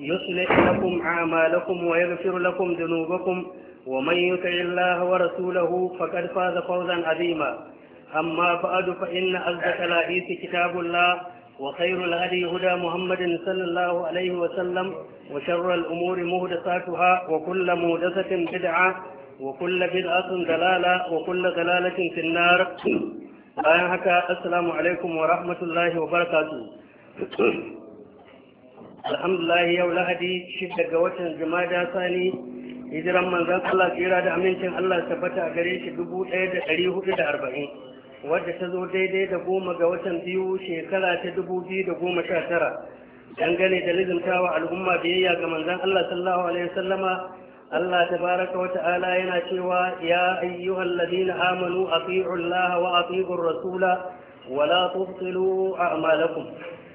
يصلح لكم أعمالكم ويغفر لكم ذنوبكم ومن يطع الله ورسوله فقد فاز فوزا عظيما أما بعد فإن أصدق الحديث كتاب الله وخير الهدي هدى محمد صلى الله عليه وسلم وشر الأمور مهدساتها وكل مهدسة بدعة وكل بدعة دلالة وكل دلالة في النار السلام عليكم ورحمه الله وبركاته alhamdulillah yau lahadi shi daga watan jumada sani hijiran manzan Allah tsira da amincin Allah tabbata a gare shi dubu ɗaya da ɗari hudu da arba'in wadda ta zo daidai da goma ga watan biyu shekara ta dubu biyu da goma sha tara dangane da lizintawa al'umma biyayya ga manzan Allah sallallahu alaihi wasallama Allah tabaraka wa ta'ala yana cewa ya ayyuhal ladina amanu atii'u Allah wa atii'ur rasula wala la tubtilu a'malakum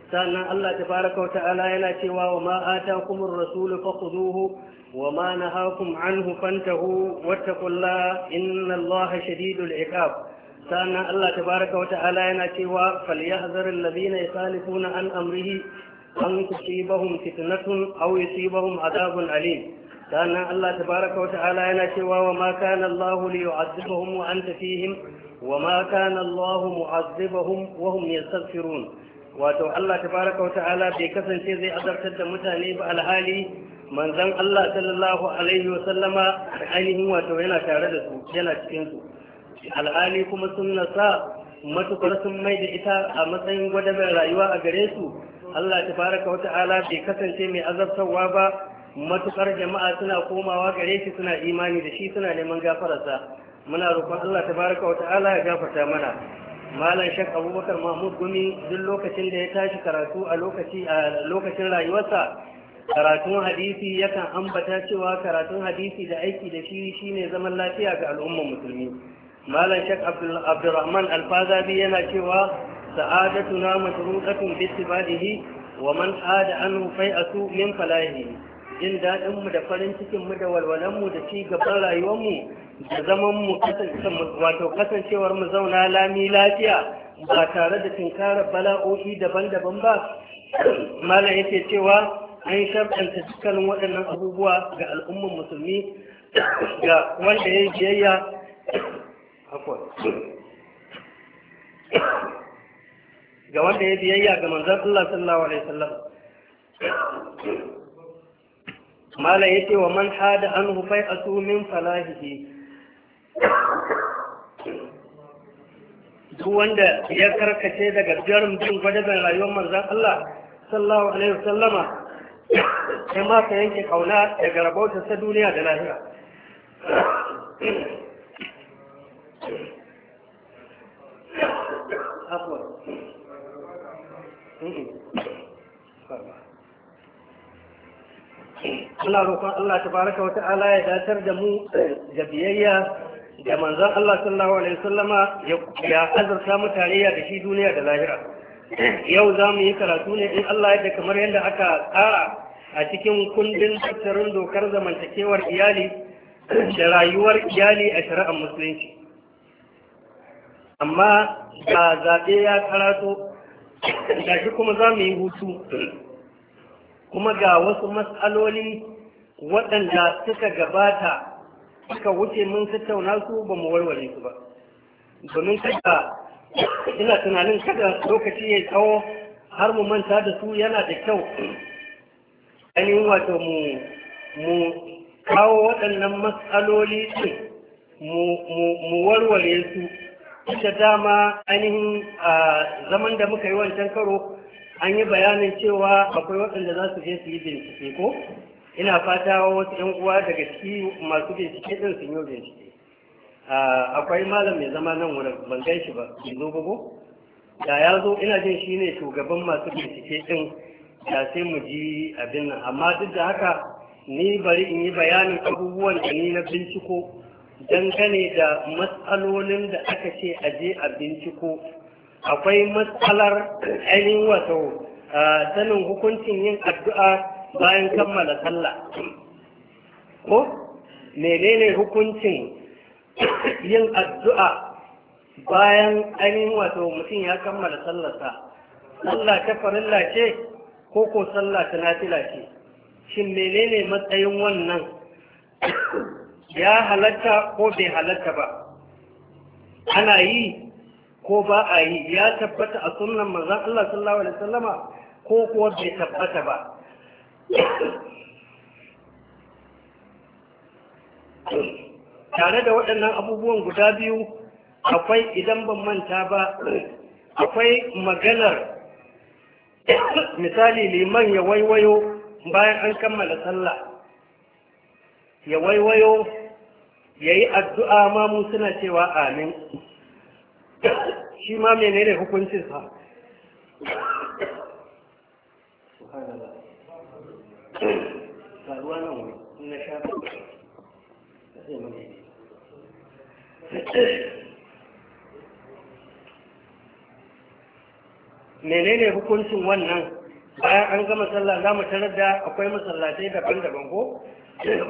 sannan Allah tabaraka wata'ala yana cewa wa ma atakumur rasulu fakhuduhu wa ma nahakum anhu fantahu wattaqullaha innallaha shadidul iqab sannan Allah tabaraka wata'ala yana cewa ya salifu na an amrihi an tusibahum fitnatun aw yusibahum azabun alim sannan Allah tabaraka wata'ala yana cewa wa ma kana Allahu liyu'adhibahum wa anta fihim wa ma kana Allahu mu'adhibahum wa hum yastaghfirun wato Allah fara kauta ala bai kasance zai azabtar da mutane ba alhali manzan Allah sallallahu alaihi wasallama sallama ainihin wato yana tare da su yana cikinsu. su alhali kuma sunnasa matukar sun mai da ita a matsayin gwadabar rayuwa a gare su Allah fara kauta ala bai kasance mai azabtarwa ba matukar jama'a suna komawa gare shi suna imani da shi suna neman gafararsa muna roƙon Allah tabaraka wa ta'ala ya gafarta mana malam shek abubakar mahmud gumi duk lokacin da ya tashi karatu a lokacin rayuwarsa karatun hadisi yakan ambata cewa karatun hadisi da aiki da shi shine zaman lafiya ga al'ummar musulmi malam shek abdurrahman alfazabi yana cewa sa'adatuna mashruqatun bi istibadihi wa man ada anhu fai'atu min falahihi jin mu da farin cikin cikinmu da mu da ci rayuwar mu. da zaman mu wato kasancewar mu zauna lami lafiya ba tare da tunkarar bala'o'i daban-daban ba malam yake cewa an sharɗanta dukkanin waɗannan abubuwa ga al'ummar musulmi ga wanda ya yi biyayya ga wanda ya biyayya ga manzan Allah sallallahu alaihi wasallam mala yake wa man hada an hufai asu min falahihi duk wanda ya karkace daga jarum jin gwadaban rayuwar manzan Allah sallallahu alaihi wasallama sai ma ka yanke kauna daga rabautar ta duniya da lahira Allah roƙon Allah baraka wata ta'ala ya datar da mu da biyayya da manzan Allah sallallahu alaihi wasallama ya azurta mutane ya da duniya da lahira yau za mu yi karatu ne in Allah yadda kamar yadda aka tsara a cikin kundin tattarin dokar zamantakewar iyali da rayuwar iyali a shari'ar musulunci amma ga zaɓe ya karato da shi kuma za mu yi hutu kuma ga wasu matsaloli waɗanda suka gabata suka wuce mun tattauna su ba mu warware su ba domin kada ina tunanin kada lokaci ya tsawo har mu manta da su yana da kyau ainihin wato mu mu kawo waɗannan matsaloli ɗin mu warware su ita dama ainihin a zaman da muka yi wancan karo an yi bayanin cewa akwai waɗanda za su je su yi bincike ko ina fata wasu yan uwa daga ciki masu bincike ɗin sun yi bincike akwai malam mai zama nan wurin ban gan shi ba ke zo ba da ya zo ina jin shi ne shugaban masu bincike ɗin da sai mu ji abin nan amma duk da haka ni bari in yi bayanin abubuwan da ni na binciko dangane da matsalolin da aka ce a je a binciko akwai matsalar ainihin wato sanin hukuncin yin addu'a bayan kammala sallah ko menene hukuncin yin addu'a bayan ainihin wato mutum ya kammala sallarsa sallah ta farilla ce ko ko sallah ta nafila ce shin menene matsayin wannan ya halatta ko bai halatta ba ana yi ko ba a yi ya tabbata a sunan manzon Allah sallallahu alaihi wasallama ko kuwa bai tabbata ba tare da waɗannan abubuwan guda biyu akwai idan ban manta ba akwai maganar misali liman ya waiwayo bayan an kammala sallah ya waiwayo ya yi addu'a mamu suna cewa amin shi ma menene hukuncinsa faruwa nan wuri in na sha ba yi menene hukuncin wannan bayan an gama sallah za mu tarar da akwai masallatai daban-daban ko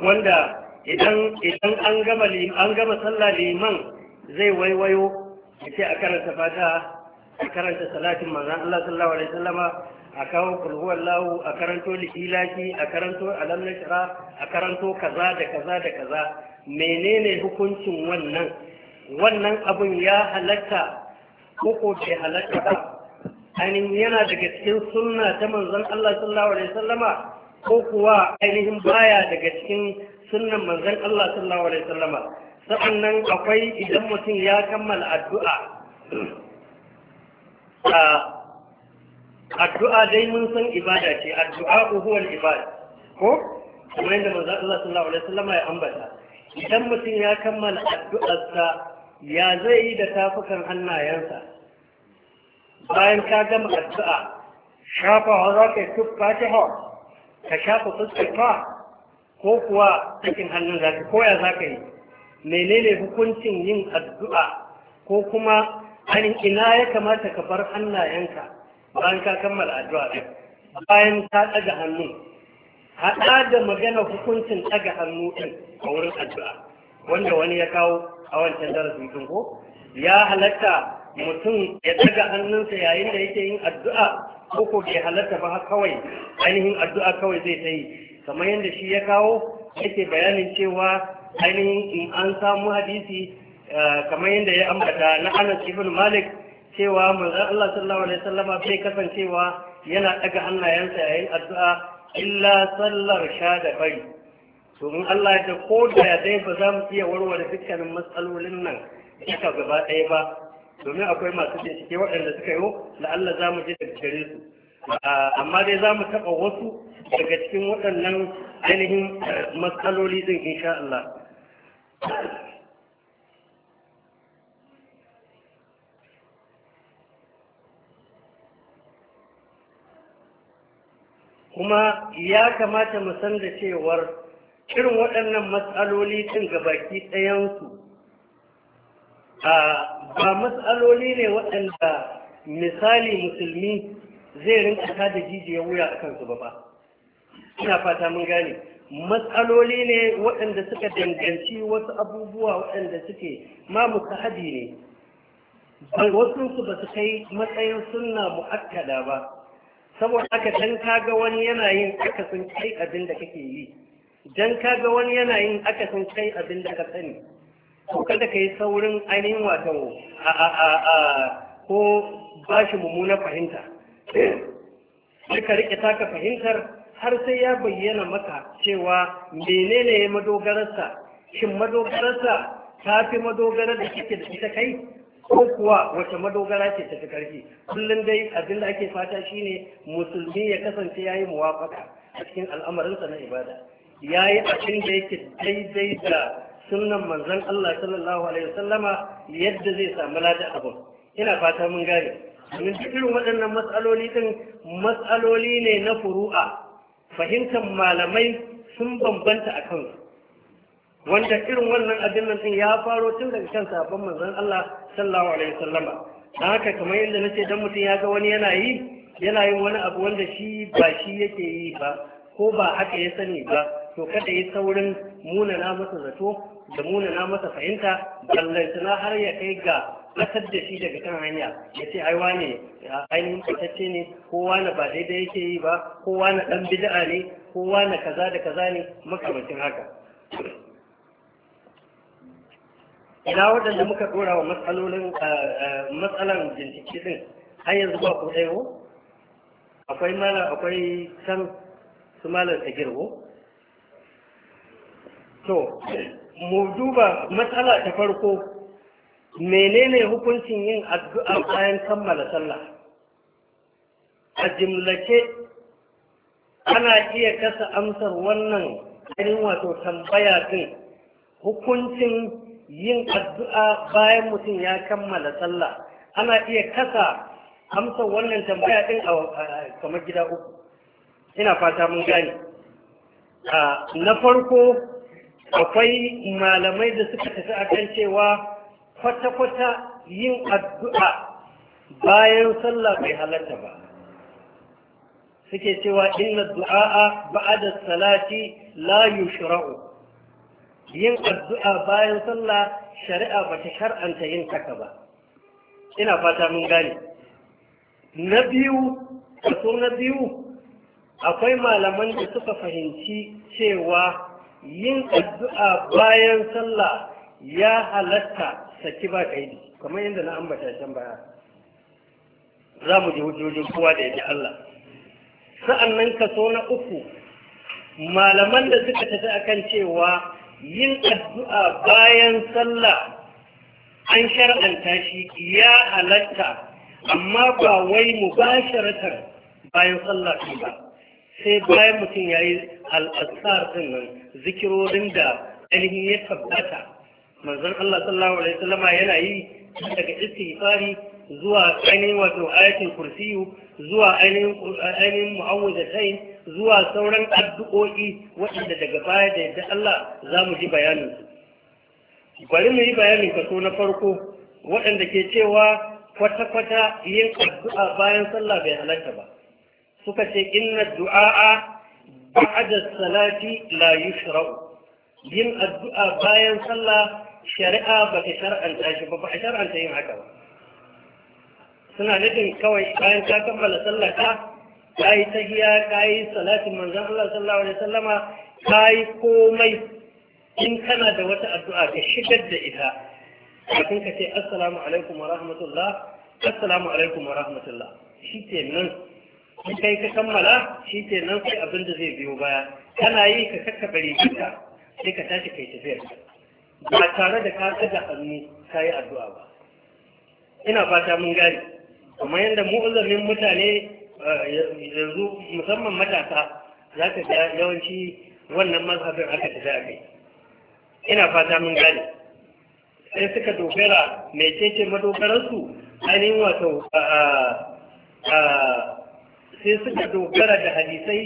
wanda idan idan an gama an gama sallah liman zai waiwayo ya ce a karanta fata a karanta salatin manzon Allah sallallahu alaihi wasallama a kawo kulhuwar a karanto likilaki a karanto alam nashra a karanto kaza da kaza da kaza menene hukuncin wannan wannan abun ya halatta ko bai halatta ba ainihin yana daga cikin sunna ta manzon Allah sallallahu alaihi wasallama ko kuwa ainihin baya daga cikin sunnan manzon Allah sallallahu alaihi wasallama sa'annan akwai idan mutum ya kammala addu'a addu'a dai mun san ibada ce addu'a uhuwar ibada ko kuma yadda Allah sallallahu alaihi ya ambata idan mutum ya kammala addu'arsa ya zai yi da tafukan hannayensa bayan ka gama addu'a shafa wa za ka yi tuk hau ka shafa fa? ko kuwa cikin hannun za ka koya za ka yi menene hukuncin yin addu'a ko kuma hannun ina ya kamata ka bar hannayenka bayan ka kammala addu'a din bayan ta ɗaga hannu haɗa da magana hukuncin ɗaga hannu ɗin a wurin addu'a wanda wani ya kawo a wancan darasin ko ya halatta mutum ya ɗaga hannunsa yayin da yake yin addu'a ko ko bai halatta ba kawai ainihin addu'a kawai zai ta yi kamar yadda shi ya kawo yake bayanin cewa ainihin in an samu hadisi eh, kamar yadda ya ambata na Anas ibn Malik cewa manzan Allah sallallahu alaihi sallama bai kasancewa yana daga hannayensa yayin addu'a illa sallar sha da bari domin Allah ya ko da ya dai ba za mu iya warware dukkanin matsalolin nan duka gaba ɗaya ba domin akwai masu bincike waɗanda suka yi la'alla za mu je da gare su amma dai za mu taɓa wasu daga cikin waɗannan ainihin eh, matsaloli ɗin insha Allah kuma ya kamata mu san da cewar irin waɗannan matsaloli ɗin gabaki ɗayansu ba matsaloli ne waɗanda misali musulmi zai rinka ta da jijiyar wuya a kansu ba ina fata mun gane matsaloli ne waɗanda suka danganci wasu abubuwa waɗanda suke ma muka ne wasu su ba su kai matsayin suna mu'akkada ba saboda haka dan kaga wani yana akasin kai abin da kake yi dan kaga wani yana yin akasin kai abin da ka sani to kada ka saurin ainihin wato a a a ko ba shi mummuna fahimta sai ka rike taka fahimtar har sai ya bayyana maka cewa menene ya madogararsa shin madogararsa ta fi madogarar da kike da ita kai ko kuwa wace madogara ce ta karfi kullum dai abin da ake fata shine musulmi ya kasance ya yi muwafaka a cikin al'amarinsa na ibada ya yi abin da yake daidai da sunan manzon Allah sallallahu alaihi wasallama yadda zai samu lada abin ina fata mun gane domin irin waɗannan matsaloli din matsaloli ne na furu'a fahimtar malamai sun bambanta a kansu wanda irin wannan abin nan din ya faro tun daga kan sabon manzon Allah sallallahu alaihi wasallama haka kamar yadda nace dan mutum ya ga wani yana yi yana yin wani abu wanda shi ba shi yake yi ba ko ba haka ya sani ba to kada yi saurin munana masa zato da munana masa fahimta ballantana har ya kai ga kasar da shi daga kan hanya ya ce ai wane ainihin ne kowa na ba daidai yake yi ba kowa na dan bid'a ne kowa na kaza da kaza ne makamancin haka ina waɗanda muka dora wa matsalolin eh, eh, matsalan bincike ɗin har yanzu ba ku ɗaya akwai malam akwai can su malam ta girbo to mu duba matsala ta farko menene hukuncin yin addu'a bayan kammala sallah a jimlace ana iya kasa amsar wannan ainihin wato tambaya din hukuncin yin addu'a bayan mutum ya kammala sallah ana iya kasa amsa wannan tambaya ɗin a kamar gida uku ina fata mun gane na farko akwai malamai da suka tafi a kan cewa kwata-kwata yin addu'a bayan sallah bai halatta ba suke cewa inna du'a ba'da salati la yushra'u yin addu'a bayan sallah shari'a ba ta shar'anta yin kaka ba ina fata mun gane na biyu kaso na biyu akwai malaman da suka fahimci cewa yin addu'a bayan sallah ya halatta saki ba kaidi kamar yadda na ambata can baya za mu ji hujjojin kowa da yake Allah sa'annan kaso na uku malaman da suka tafi akan cewa yin addu'a bayan sallah an shar'anta shi ya halatta amma ba wai mu ba sharatar bayan sallah ɗin ba sai bayan mutum ya yi al'asar ɗin zikirorin da ainihin ya tabbata manzon Allah sallallahu alaihi wasallama yana yi daga istighfari zuwa ainihin wato ayatul kursiyu zuwa ainihin mu'awwidatain zuwa sauran addu'o'i waɗanda daga baya da yadda Allah za mu ji bayanin su bari mu yi bayanin kaso na farko waɗanda ke cewa kwata-kwata yin addu'a bayan sallah bai halarta ba suka ce inna du'a'a ba'da salati la yushra'u yin addu'a bayan sallah shari'a ba ta shar'anta shi ba ba a shar'anta yin haka ba suna nufin kawai bayan ka kammala sallah ka ka yi tahiya ka yi salatin manzan Allah sallallahu alaihi wasallama ka yi komai in kana da wata addu'a ka shigar da ita kafin ka ce assalamu alaikum wa rahmatullah assalamu alaikum wa rahmatullah nan in kai ka kammala shi ke nan sai abin da zai biyo baya kana yi ka kakkaɓe rikinka sai ka tashi kai tafiyar ba tare da ka ɗaga hannu ka yi addu'a ba ina fata mun gane kamar yadda mu'azamin mutane eh, yanzu musamman matasa za ka ga yawanci wannan mazhabin aka tafi a kai ina fata mun gane sai suka dogara mai cece madogararsu ainihin wato sai suka dogara da hadisai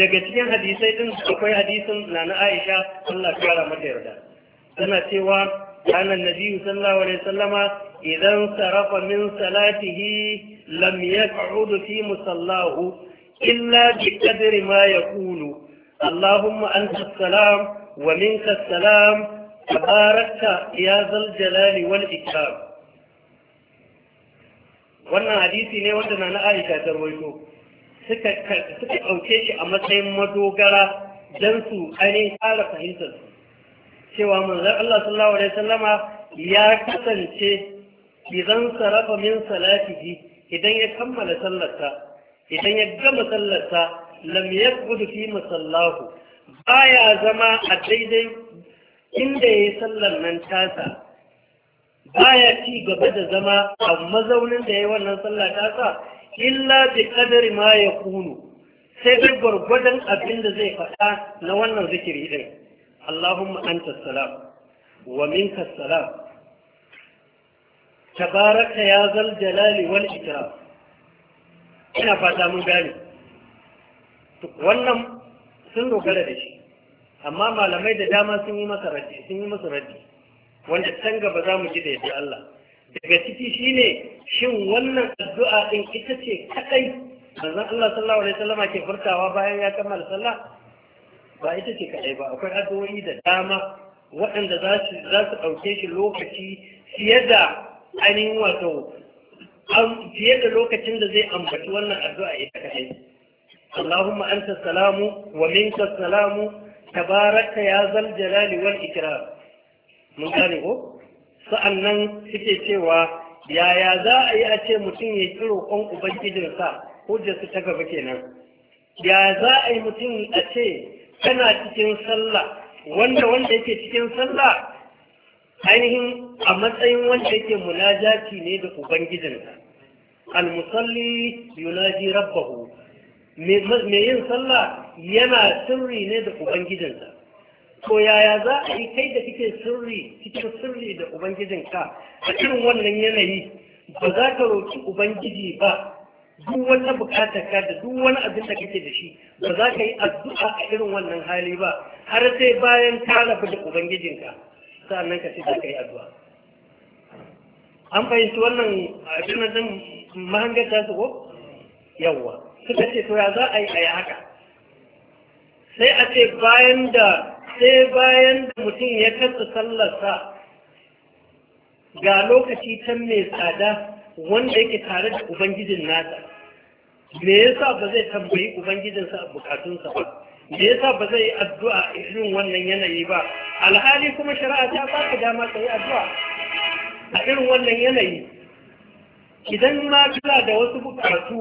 daga cikin hadisai din akwai hadisin na na aisha allah kara mata yarda tana cewa ranar nabi sallallahu alaihi sallama idan sarafa min salatihi lam yaq'ud fi musallahu illa bi kadiri ma ya yaqulu allahumma anta salam wa minka salam tabarakta ya zal jalali wal ikram wannan hadisi ne wanda na Aisha ta rawaito suka suka dauke shi a matsayin madogara dan su ainihin ƙara fahimtar cewa manzon Allah sallallahu alaihi wasallama ya kasance idan sarafa min salatihi idan ya kammala sallarsa idan ya gama sallarsa lam gudu fi masallahu baya zama a daidai inda yayi sallar nan tasa baya ci gaba da zama a mazaunin da yayi wannan sallar tasa illa bi qadri ma ya kunu, sai dai gwargwadon abin da zai faɗa na wannan zikiri din Allahumma anta salam wa minka salam tabaraka ya zal jalali wal ikram ina fata mun gane wannan sun dogara da shi amma malamai da dama sun yi masa raddi sun yi masa raddi wanda can gaba za mu ji da yadda Allah daga ciki shine shin wannan addu'a din ita ce kadai manzon Allah sallallahu alaihi wasallam ke furtawa bayan ya kammala sallah ba ita ce kadai ba akwai addu'o'i da dama waɗanda za su ɗauke shi lokaci fiye da ainihin wato fiye da lokacin da zai ambaci wannan addu'a ita kaɗai. Allahumma anta salamu wa minka salamu tabaraka ya zal jalali wal ikram. Mun gane ko? Sa'annan suke cewa yaya za a yi a ce mutum ya ki roƙon ubangijinsa hujjarsu ta gaba kenan. Ya za a yi mutum a ce kana cikin sallah wanda wanda yake cikin sallah ainihin a matsayin wanda yake munajati ne da ubangijinsa almusalli yunaji rabbahu me yin sallah yana sirri ne da ubangijinsa to yaya za a yi kai da kike sirri cikin sirri da ubangijinka a irin wannan yanayi ba za ka roki ubangiji ba duk wata bukatar ka da duk wani abin da kake da shi ba za ka yi addu'a a irin wannan hali ba har sai bayan ka rabu da ubangijinka sa'annan ka ce za ka yi addu'a an fahimci wannan abin nan mahangar ta su ko yawwa suka ce to ya za a yi a haka sai a ce bayan da sai bayan da mutum ya kasa sallarsa ga lokaci ta mai tsada wanda yake tare da ubangijin nasa me yasa ba zai tambayi ubangijinsa a bukatunsa ba me yasa ba zai yi addu'a irin wannan yanayi ba alhali kuma shari'a ta ba ka dama ka yi addu'a a irin wannan yanayi idan ma kula da wasu bukatu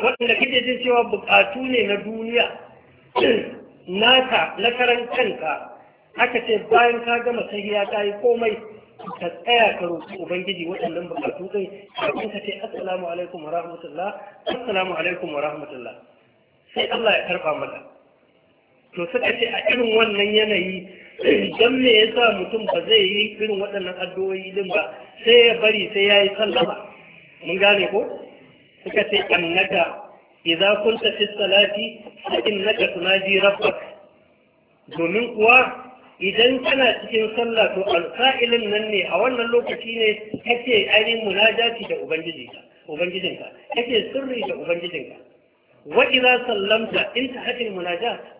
waɗanda kake jin cewa bukatu ne na duniya naka na karan kanka aka ce bayan ka gama sahiya ka yi komai ka tsaya ka roƙi ubangiji waɗannan bukatu ɗin kafin ka ce assalamu alaikum wa rahmatullah assalamu alaikum wa rahmatullah sai Allah ya karɓa maka to suka ce a irin wannan yanayi don me ya sa mutum ba zai yi irin waɗannan addu'o'i din ba sai ya bari sai ya yi sallama mun gane ko suka ce annaka idza kunta fi salati fa innaka tunaji rabbak domin kuwa idan kana cikin sallah to alsa'ilin nan ne a wannan lokaci ne kake ainihin munajati da ubangijinka ubangijinka kake sirri da ubangijinka wa idza sallamta in tahatil munajat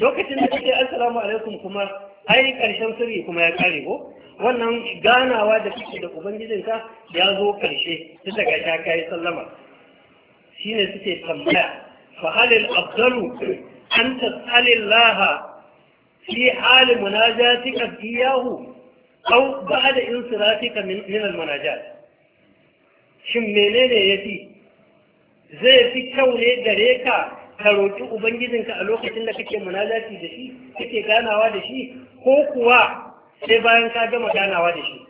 lokacin da kake assalamu alaikum kuma ai karshen sirri kuma ya kare ko wannan ganawa da kake da ubangijinka ya zo karshe ta daga ta kai sallama shine suke tambaya fa halil afdalu an tasalillaha fi hali munajatika iyahu aw ba'da insiratika min al shin menene yafi zai fi kyau ne gare ka ka roƙi ubangijinka a lokacin da kake munajati da shi kake ganawa da shi ko kuwa sai bayan ka gama ganawa da shi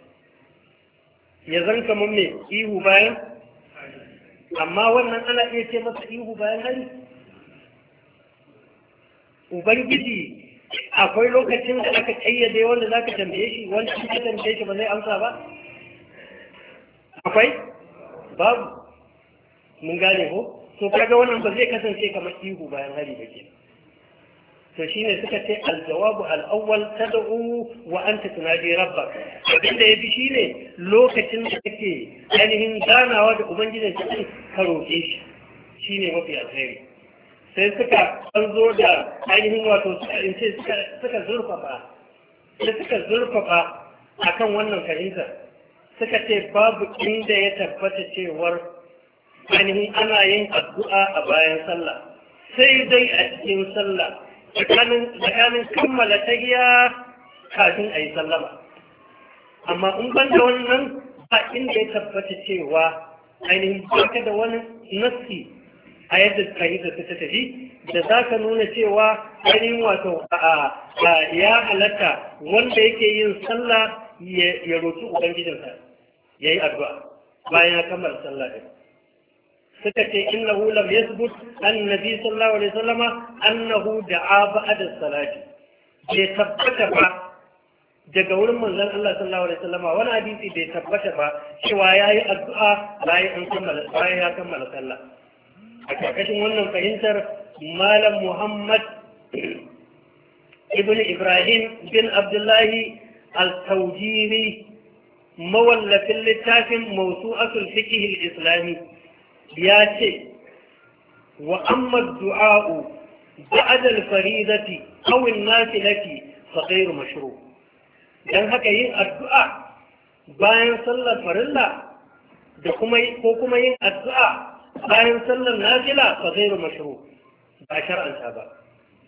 ya zan kamar mai ihu bayan amma wannan ana iya ce masa ihu bayan hari ubangiji akwai lokacin da aka kayyade wanda za ka tambaye shi wanda shi ka tambaye shi ba zai amsa ba akwai babu mun gane ko to kaga wannan ba zai kasance kamar ihu bayan hari ba ke to shine suka ce aljawabu al'awwal tad'u wa anta tunadi rabbak abin da yafi shine lokacin da kake ainihin ganawa da ubangijin ka ka roƙe shi ne mafi alheri sai suka an zo da ainihin wato suka in ce suka zurfafa sai suka zurfafa akan wannan fahimtar suka ce babu inda ya tabbata cewar ainihin ana yin addu'a a bayan sallah sai dai a cikin sallah tsakanin kammala giya kafin a yi sallama amma in ban da wannan ba inda ya tabbata cewa ainihin baka da wani nassi a yadda ka yi da ta tafi da za ka nuna cewa ainihin wato a ya halatta wanda yake yin sallah ya roƙi ubangijinsa ya yi addu'a bayan ya kammala sallah ɗin suka ce innahu lam yasbut annabi sallallahu alaihi wasallama annahu da'a ba'da salati bai tabbata ba daga wurin manzon Allah sallallahu alaihi wasallama wani hadisi bai tabbata ba cewa yayi addu'a bayan an kammala bayan ya kammala sallah a ƙarƙashin wannan fahimtar malam Muhammad ibn Ibrahim bin Abdullahi al-Tawjiri mawallafin littafin mawsu'atul fiqh al-islami ya ce wa amma du'a'u ba'd al-faridati aw an-nafilati fa ghayru mashru dan haka yin addu'a bayan sallar farilla da kuma ko kuma yin addu'a bayan sallar nafila fa ghayru mashru ba shar'anta ba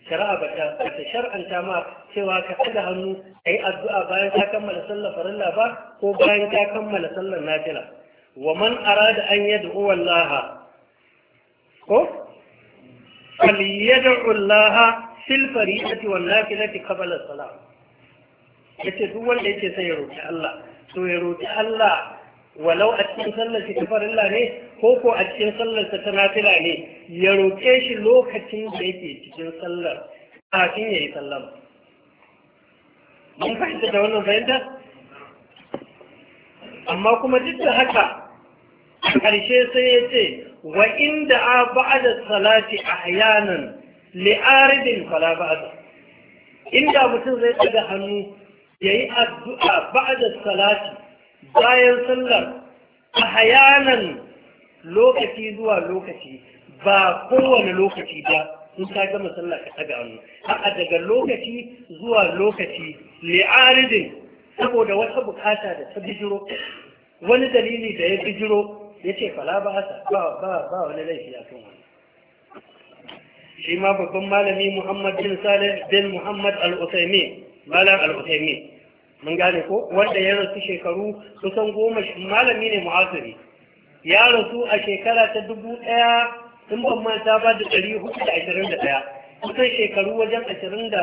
shari'a ba ta shar'anta ma cewa ka ɗaga hannu yi addu'a bayan ka kammala sallar farilla ba ko bayan ka kammala sallar nafila wa man arada an yad'u uwallaha ko falyad'u allaha fil fariidati wan nafilati qabla salam ce duk wanda yake sai ya roki Allah to ya roki Allah walau a cikin sallar ta farilla ne ko ko a cikin sallar ta tanafila ne ya roke shi lokacin da yake cikin sallar kafin ya yi sallama mun fahimta da wannan fahimta amma kuma duk da haka ƙarshe sai ya ce wa inda a ba'adar salati a hayanan li'aridin kwalaba'ada inda mutum zai daga hannu ya yi addu'a ba'adar salati bayan sallar a hayanan lokaci zuwa lokaci ba kowane lokaci ba sun ta gama sallar ka daga hannu a daga lokaci zuwa lokaci li'aridin saboda wata bukata da ta bijiro wani dalili da ya bijiro ya ce fala ba ba ba wani laifi a kan wani shi ma babban malami muhammad bin Salim bin muhammad al-usaimi malam al-usaimi mun gane ko wanda ya rasu shekaru kusan goma malami ne mu'asiri ya rasu a shekara ta dubu ɗaya in ban ta ba da ɗari hudu da ashirin da ɗaya kusan shekaru wajen ashirin da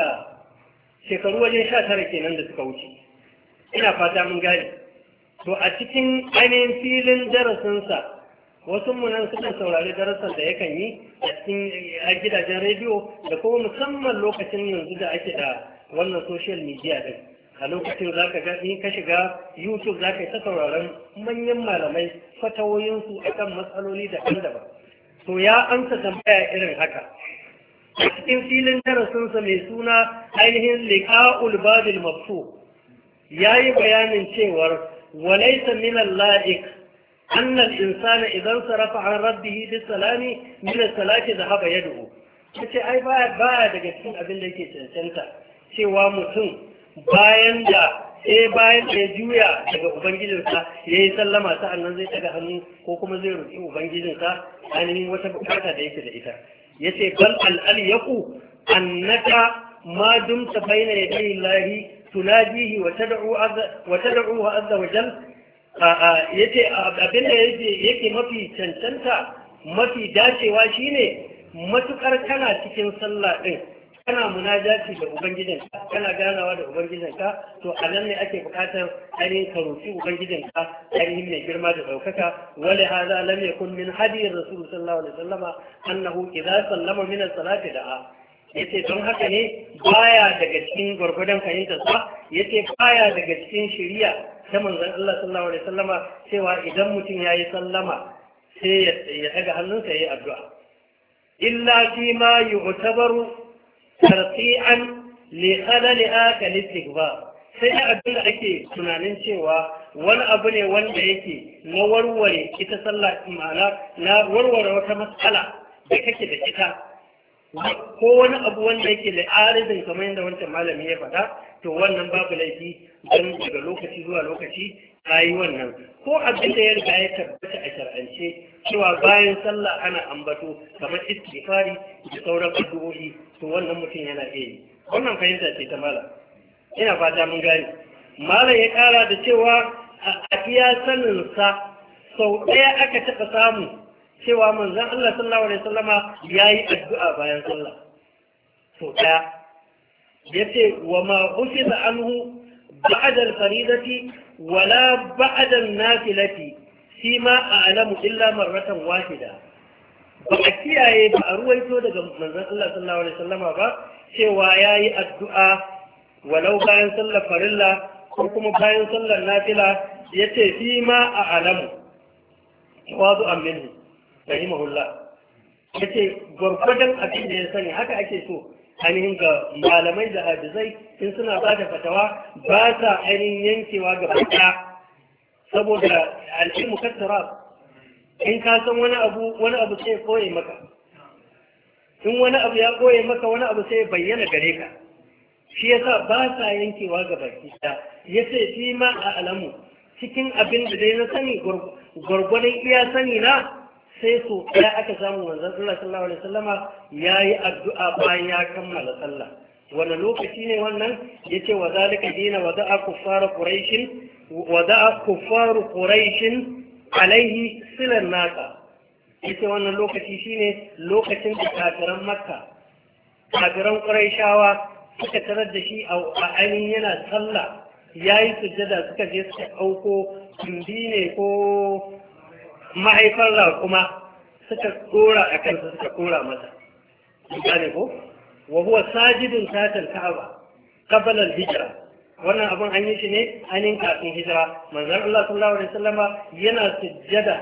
shekaru wajen sha tara kenan da suka wuce ina fata mun gane to a cikin ainihin filin darasinsa wasu munan suna saurari darasin da yakan yi a cikin gidajen rediyo da kuma musamman lokacin yanzu da ake da wannan social media din a lokacin za ka in ka shiga youtube za ka yi ta sauraron manyan malamai fatawoyinsu kan matsaloli daban-daban to ya amsa tambaya irin haka a cikin filin darasinsa mai suna ainihin liqa'ul babil mabsu ya yi bayanin cewar walaisa min la'ik, laiq insana idan sarrafa an rabbihi bi salami min as-salati dhahaba yad'u kace ai ba ya daga cikin abin da yake cancanta cewa mutum bayan da sai eh, bayan da ya juya daga ubangijinsa ya yi sallama sa'annan zai daga hannu ko kuma zai roƙi ubangijinsa ainihin wata bukata da yake da ita ya ce bal al'al yaku annaka ma dumta baina yadayi lahi تناجيه وتدعو وتدعوه عز وجل yace abin da yake yake mafi cancanta mafi dacewa shine matukar kana cikin sallah din kana munajati da ubangijinka kana ganawa da ubangijinka to a nan ne ake bukatar ainihin ka roki ubangijinka ainihin mai girma da daukaka wala hadha lam yakun min hadi rasul sallallahu alaihi wasallama annahu idza sallama min as-salati da'a yace don haka ne baya daga cikin gwargwadon fahimtarsa yace baya daga cikin shiriya ta manzon Allah sallallahu alaihi wasallama cewa idan mutum yayi sallama sai ya daga hannunsa yayi addu'a illa fi ma yu'tabaru tarqi'an li khalal aka istighfar sai da abin da ake tunanin cewa wani abu ne wanda yake na warware ita sallah imana na warware wata matsala da kake da ita ko wani abu wanda yake la'arizin kamar yadda wancan malami ya faɗa to wannan babu laifi don daga lokaci zuwa lokaci a yi wannan ko abin da ya riga ya tabbata a shar'ance cewa bayan sallah ana ambato kamar istighfari da sauran addu'o'i to wannan mutum yana iya yi wannan fahimta ce ta mala. ina fata mun gani malam ya kara da cewa a sanin sa sau ɗaya aka taɓa samu cewa manzan Allah sallallahu alaihi ya yi addu'a bayan sallah to da yace wa ma hufiza anhu ba'da al-faridati wala ba'adar nafilati shi ma a'lamu illa marratan wahida ba a kiyaye ba a ruwaito daga manzan Allah sallallahu alaihi wasallama ba cewa ya yi addu'a walau bayan sallar farilla ko kuma bayan sallar nafila yace shi ma a'lamu wadu aminu rahimahullah yace gwargwadon abin da ya sani haka ake so ainihin ga malamai da hadizai in suna ba da fatawa ba sa ainihin yankewa ga fata saboda al'ilmu kattara in ka san wani abu wani abu sai koye maka in wani abu ya koye maka wani abu sai bayyana gare ka shi yasa ba sa yankewa ga baki da yace shi ma a alamu cikin abin da dai na sani gwargwadon iya sani na sai so ɗaya aka samu wanzan Allah sallallahu alaihi wasallama yayi addu'a bayan ya kammala sallah wani lokaci ne wannan ce wa zalika dina wa za'a kuffar quraish wa za'a kuffar quraish alaihi silan naka ce wannan lokaci shi ne lokacin da kafiran makka kafiran quraishawa suka tarar da shi a ainihin yana sallah yayi sujjada suka je suka ɗauko tumbi ne ko mahaifar kuma suka kora a kansa suka kora masa gane ko wa huwa sajidun satar ka'aba qabla al-hijra wannan abin an yi shi ne anin kafin hijira manzon Allah sallallahu alaihi wasallama yana sujjada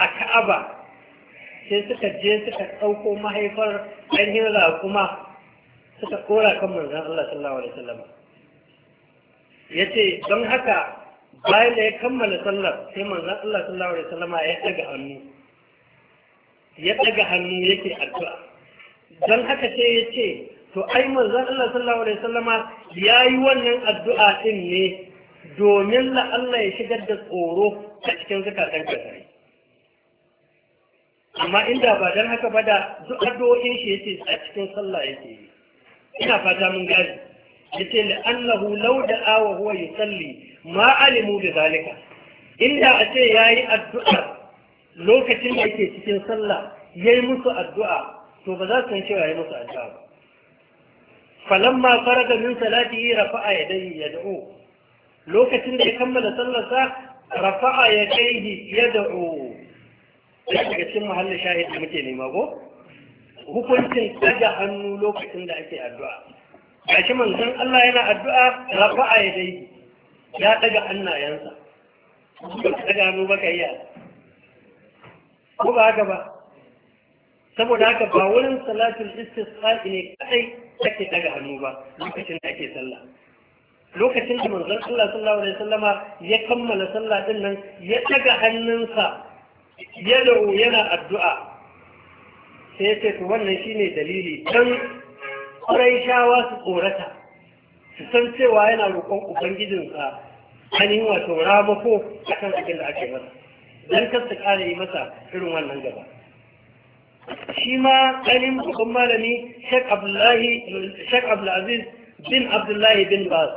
a ka'aba sai suka je suka ɗauko mahaifar ainihin kuma suka kora kan manzon Allah sallallahu alaihi wasallama yace don haka bayan da ya kammala sallar sai manzan Allah sallallahu alaihi wasallama ya daga hannu ya daga hannu yake addu'a don haka sai ya ce to ai manzan Allah sallallahu alaihi wasallama ya yi wannan addu'a din ne domin la Allah ya shigar da tsoro a cikin zakatan kasari amma inda ba don haka ba da duk addu'o'in shi yake a cikin sallah yake yi ina fata mun gani yace la annahu law da'a wa huwa yusalli ma alimu da zalika inda a ce ya yi addu'a lokacin da yake cikin sallah ya yi musu addu'a to ba za su cewa ya yi musu addu'a ba fara da min salati yi rafa'a ya da'o? lokacin da ya kammala sallarsa rafa'a yadayhi yad'u ya daga cikin mahallin shahid da muke nema ko hukuncin daga hannu lokacin da ake addu'a shi manzon Allah yana addu'a rafa'a dai? ya daga hannayensa ba ka daga hannu ba ka yi ko ba haka ba saboda haka ba wurin salatul istisqa ne kadai take daga hannu ba lokacin da ake sallah lokacin da manzon Allah sallallahu alaihi wasallama ya kammala sallah din nan ya ɗaga hannunsa ya dawo yana addu'a sai ya ce to wannan shine dalili dan Quraishawa su tsorata su san cewa yana roƙon ubangijinsa ainihin wato ramako a kan abin da ake masa don kar su ƙara yi masa irin wannan gaba shi ma ɗanin babban malami shek Abdullahi bin abdullahi bin baz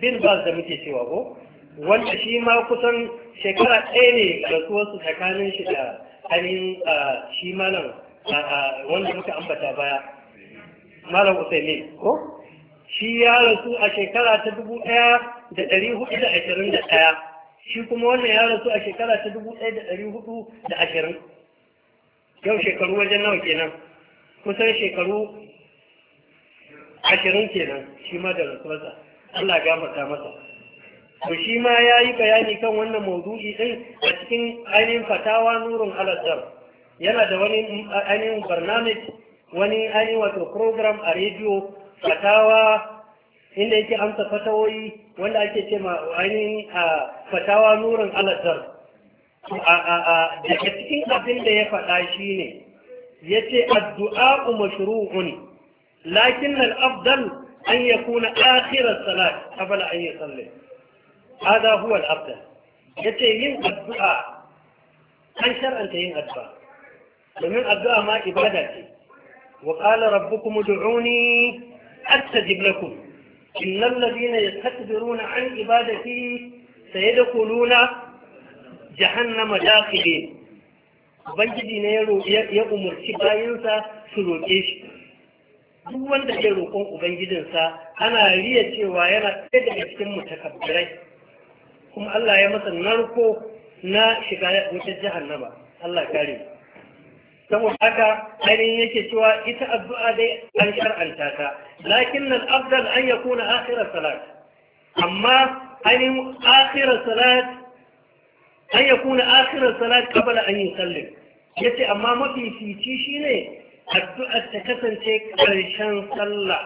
bin baz da muke cewa ko wanda shi ma kusan shekara ɗaya ne da su tsakanin shi da ainihin shi malam wanda muka ambata baya malam Usaini ko shi ya rasu a shekara ta dubu ɗaya da ɗari hudu da ashirin da ɗaya shi kuma wannan ya rasu a shekara ta dubu ɗaya da ɗari hudu da ashirin yau shekaru wajen nawa kenan kusan shekaru ashirin kenan shi ma da rasuwarsa Allah mata masa to shi ma ya yi bayani kan wannan maudu'i din a cikin ainihin fatawa nurin aladdar yana da wani ainihin barnamit wani ainihin wato program a rediyo fatawa inda yake amsa fatawoyi wanda ake ce ma ainihin fatawa nurin alazar daga cikin abin da ya faɗa shi ne ya ce addu'a mashru'un lakin al'abdal an ya kuna akhirar salat abala an yi tsalle hada huwal al'abdal ya ce yin addu'a an shar'anta yin addu'a domin addu'a ma ibada ce wa qala rabbukum ud'uni أستجب لكم إن الذين يستكبرون عن عبادتي سيدخلون جهنم داخلين ubangiji ne ya umarci bayansa su roƙe shi duk wanda ke roƙon ubangijinsa ana riya cewa yana ɗaya daga cikin mutakabbirai kuma Allah ya masa narko na shiga wutar jahannama Allah kare saboda haka ainihin yake cewa ita addu'a dai an shar'anta ta lakin al-afdal an ya kuna akhirar salat amma ainihin akhirar salat an yakuna akhirar salat qabla an yusallim yace amma mafi fici shine addu'ar ta kasance karshen sallah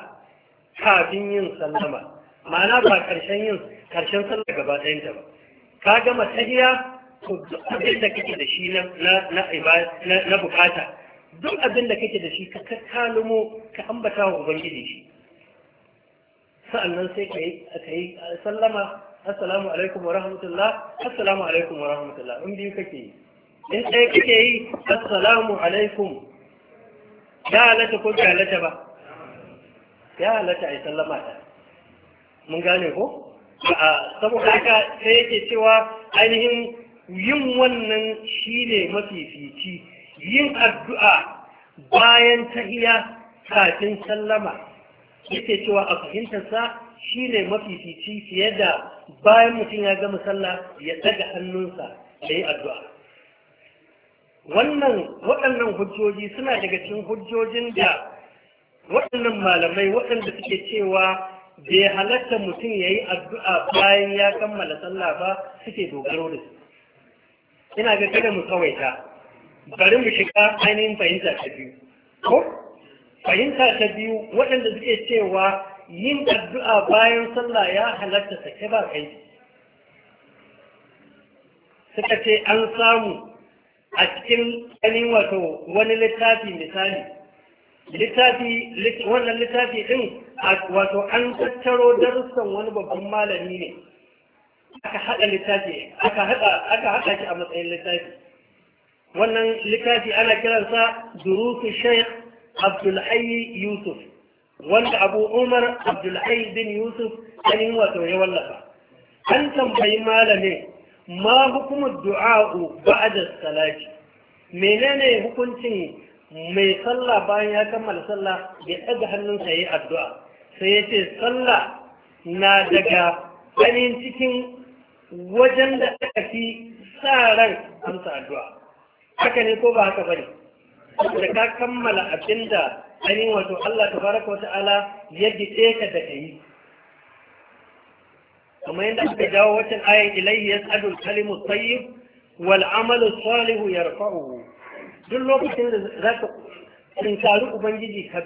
kafin yin sallama ma'ana ba karshen yin karshen sallah gaba ta ba ka gama tahiya duk abin da kake da shi na bukata duk abin da kake da shi ka kakkalumo ka ambata wa ubangiji shi sa'annan sai ka yi sallama assalamu alaikum wa rahmatullah assalamu alaikum wa rahmatullah in biyu kake yi in ɗaya kake yi assalamu alaikum ya halatta ko ya halatta ba ya halatta a yi sallama ɗaya mun gane ko saboda haka sai yake cewa ainihin yin wannan shi shine mafifici yin addu'a bayan ta iya kafin sallama yake cewa a fahimtarsa shine mafifici fiye da bayan mutum ya gama sallah ya daga hannunsa da yi addu'a wannan waɗannan hujjoji suna daga cikin hujjojin da waɗannan malamai waɗanda suke cewa bai halatta mutum ya yi addu'a bayan ya kammala sallah ba suke dogaro da su yana ga kada mu ta bari mu shiga ainihin fahimta ta biyu ko fahimta ta biyu waɗanda suke cewa yin addu'a bayan sallah ya halatta ta ba kai suka ce an samu a cikin ainihin wato wani littafi misali littafi wannan littafi din wato an tattaro darussan wani babban malami ne aka haɗa littafi aka haɗa aka haɗa shi a matsayin littafi wannan littafi ana kiransa durusu shaykh abdulhayy yusuf wanda abu umar abdulhayy bin yusuf ainihin wato ya wallafa an tambayi malamin ma hukumar du'a'u ba'da salati menene hukuncin mai sallah bayan ya kammala sallah ya ɗaga hannunsa ya yi addu'a sai ya ce sallah na daga ganin cikin wajen da aka fi sa ran amsa addu'a haka ne ko ba haka bane da ka kammala abin da yi wato Allah Ta fara wa ta'ala ya gide ka da kai kuma yadda aka jawo wacin ayan ilaihi ya al-kalimu tayyib wal amalu salih yarfa'uhu duk lokacin da zaka tinkari ubangiji ka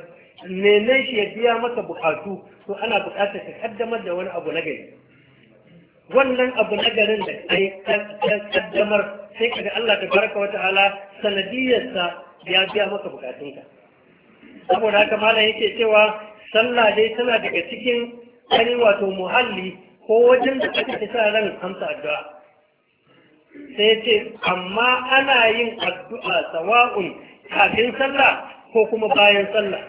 nene shi ya biya maka bukatu to ana bukatar ka kaddamar da wani abu na gari wannan abu na garin da ai kaddamar sai ka ga Allah tabaraka wa ta'ala sanadiyarsa ya biya maka bukatunka saboda haka malam yake cewa sallah dai tana daga cikin ani wato muhalli ko wajen da aka fi sa ran amsa addu'a sai ce amma ana yin addu'a sawa'un kafin sallah ko kuma bayan sallah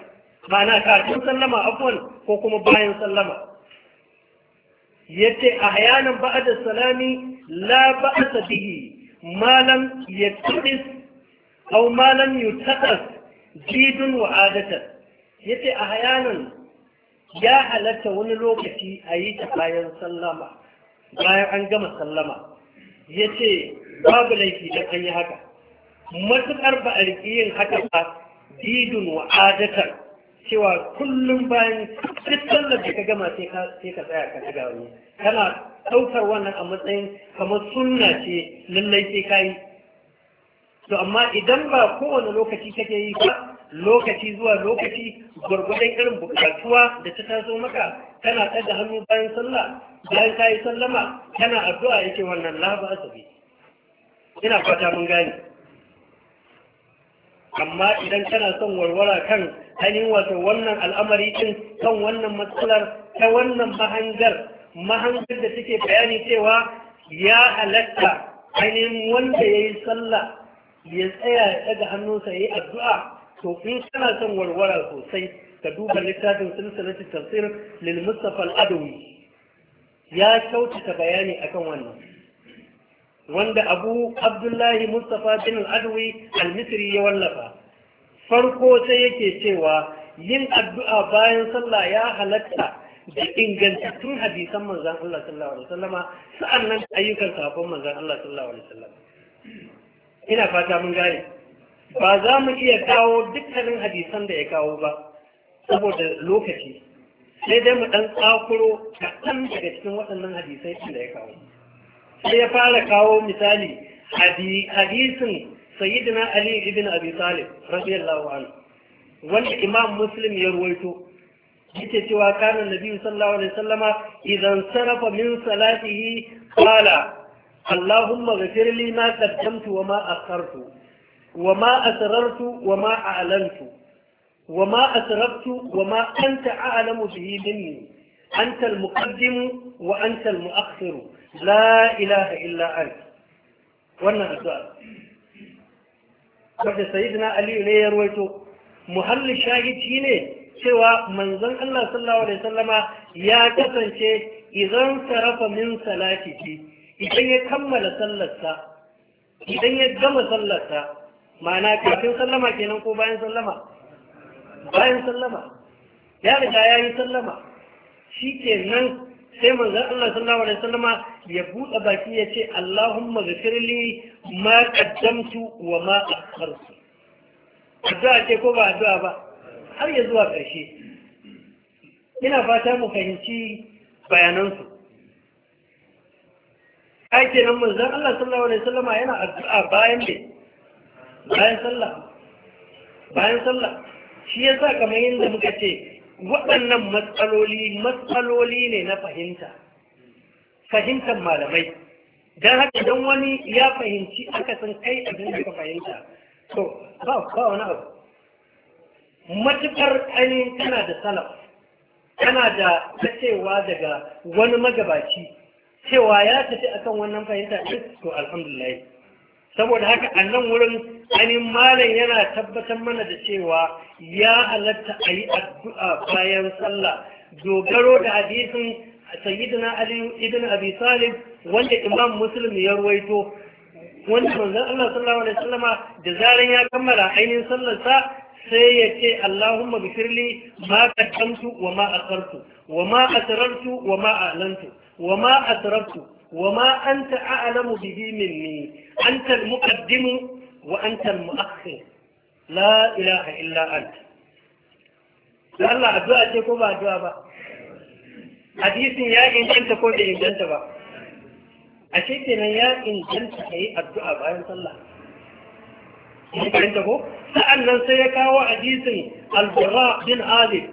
na kafin sallama afwan ko kuma bayan sallama yace ahyanan ba'da salami la ba'sa bihi malam yaqis aw malam yutaqas jidun wa adatan yace ahyanan ya halatta wani lokaci a yi ta bayan sallama bayan an gama sallama yace babu laifi dan an yi haka matuƙar ba a riƙi yin haka ba didun wa adatan cewa kullum bayan duk sallar da ka gama sai ka tsaya ka ci gawo kana ɗaukar wannan a matsayin kamar sunna ce lallai sai ka yi to amma idan ba kowane lokaci kake yi ba lokaci zuwa lokaci gwargwadon irin bukatuwa da ta taso maka kana ɗaga hannu bayan sallah bayan ka yi sallama kana addu'a yake wannan laba asabi ina fata mun gane amma idan kana son warwara kan ainihin wato wannan al'amari din kan wannan matsalar ta wannan mahangar mahangar da take bayani cewa ya halatta ainihin wanda ya yi sallah ya tsaya ya ɗaga hannunsa ya yi addu'a to in kana son warwara sosai ka duba littafin silsilatu tafsir lil mustafa al-adawi ya kyautata bayani akan wannan wanda abu abdullahi mustafa bin al-adawi al-misri ya wallafa farko sai yake cewa yin addu'a bayan sallah ya halatta da ingantattun hadisan manzan Allah sallallahu alaihi wasallama nan ayyukan sabon manzan Allah sallallahu alaihi wasallama ina fata mun gane ba za mu iya kawo dukkanin hadisan da ya kawo ba saboda lokaci sai dai mu ɗan tsakuro kaɗan daga cikin waɗannan hadisai da ya kawo sai ya fara kawo misali hadisin sayyidina ali ibn abi talib radiyallahu anhu wanda imam muslim ya ruwaito yake cewa kana nabi sallallahu alaihi wasallama idan sarafa min salatihi qala allahumma ghfir li ma qaddamtu wa ma akhartu wa ma asrartu wa ma a'lantu wa ma asraftu wa ma anta a'lamu bihi minni anta al-muqaddim wa anta al-mu'akhkhir la ilaha illa anta wannan addu'a wadda sayyidina aliyu ne ya ruwaito muhallin shahid ne cewa manzon Allah sallallahu alaihi wasallama ya kasance idan sarafa min salatihi idan ya kammala sallarsa idan ya gama sallarsa ma'ana kafin sallama kenan ko bayan sallama bayan sallama ya riga ya yi sallama shi ke nan sai manzan Allah sallallahu alaihi wasallama ya buɗe baki ya ce Allahumma ghfirli ma qaddamtu wa ma akhartu addu'a ce ko ba addu'a ba har ya zuwa ƙarshe ina fata mu fahimci Ai ke nan manzan Allah sallallahu alaihi wasallama yana addu'a bayan ne bayan sallah bayan sallah shi yasa kamar yadda muka ce waɗannan matsaloli matsaloli ne na fahimta fahimtar malamai don haka don wani ya fahimci aka kai abin da ka fahimta to ba ba wani abu matukar ƙani tana da salaf tana da ta daga wani magabaci cewa ya tafi akan wannan fahimta to alhamdulillah saboda haka a nan wurin anin malam yana tabbatar mana da cewa ya halatta a yi addu'a bayan sallah dogaro da hadisin sayyidina ali ibn abi salim wanda imam muslim ya ruwaito wanda manzon Allah sallallahu alaihi wasallama da zaran ya kammala ainihin sallarsa sai ya ce Allahumma bifirli ma qaddamtu wa ma akhartu wa ma asrartu wa ma a'lantu wa ma asrartu wa ma anta a'lamu bihi minni anta al-muqaddimu وأنت المؤخر لا إله إلا أنت لله أدعى تكوب أدعى با حديث يا إن كنت كنت إن كنت با أشيك يا إن كنت كي أدعى با أنت الله إن كنت كو سألنا سيكاو حديث البراء بن عازب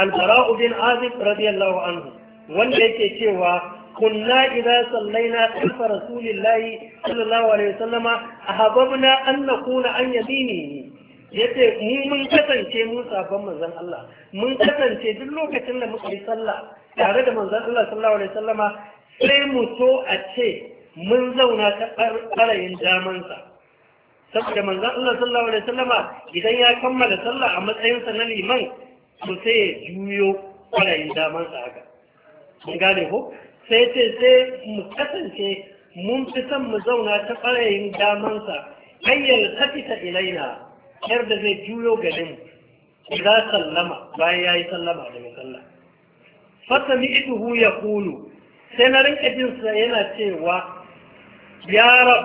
البراء بن عازب رضي الله عنه wanda yake cewa كنا إذا صلينا خلف رسول الله صلى الله عليه وسلم أحببنا أن نكون عن يمينه yace mu mun kasance mu sabon manzon Allah mun kasance duk lokacin da muke sallah tare da manzon Allah sallallahu alaihi wasallama sai mu so a ce mun zauna ta ɓarayin sa, saboda manzon Allah sallallahu alaihi wasallama idan ya kammala sallah a matsayinsa na liman to sai ya juyo ɓarayin sa haka mun gane ko sai ce sai mu kasance mun fi son mu zauna ta ɓarayin damansa hanyar tafita ilaina yar da zai juyo ganin za sallama bayan ya yi sallama daga sallah fasami iduhu ya kulu sai na rinka jinsa yana cewa ya rab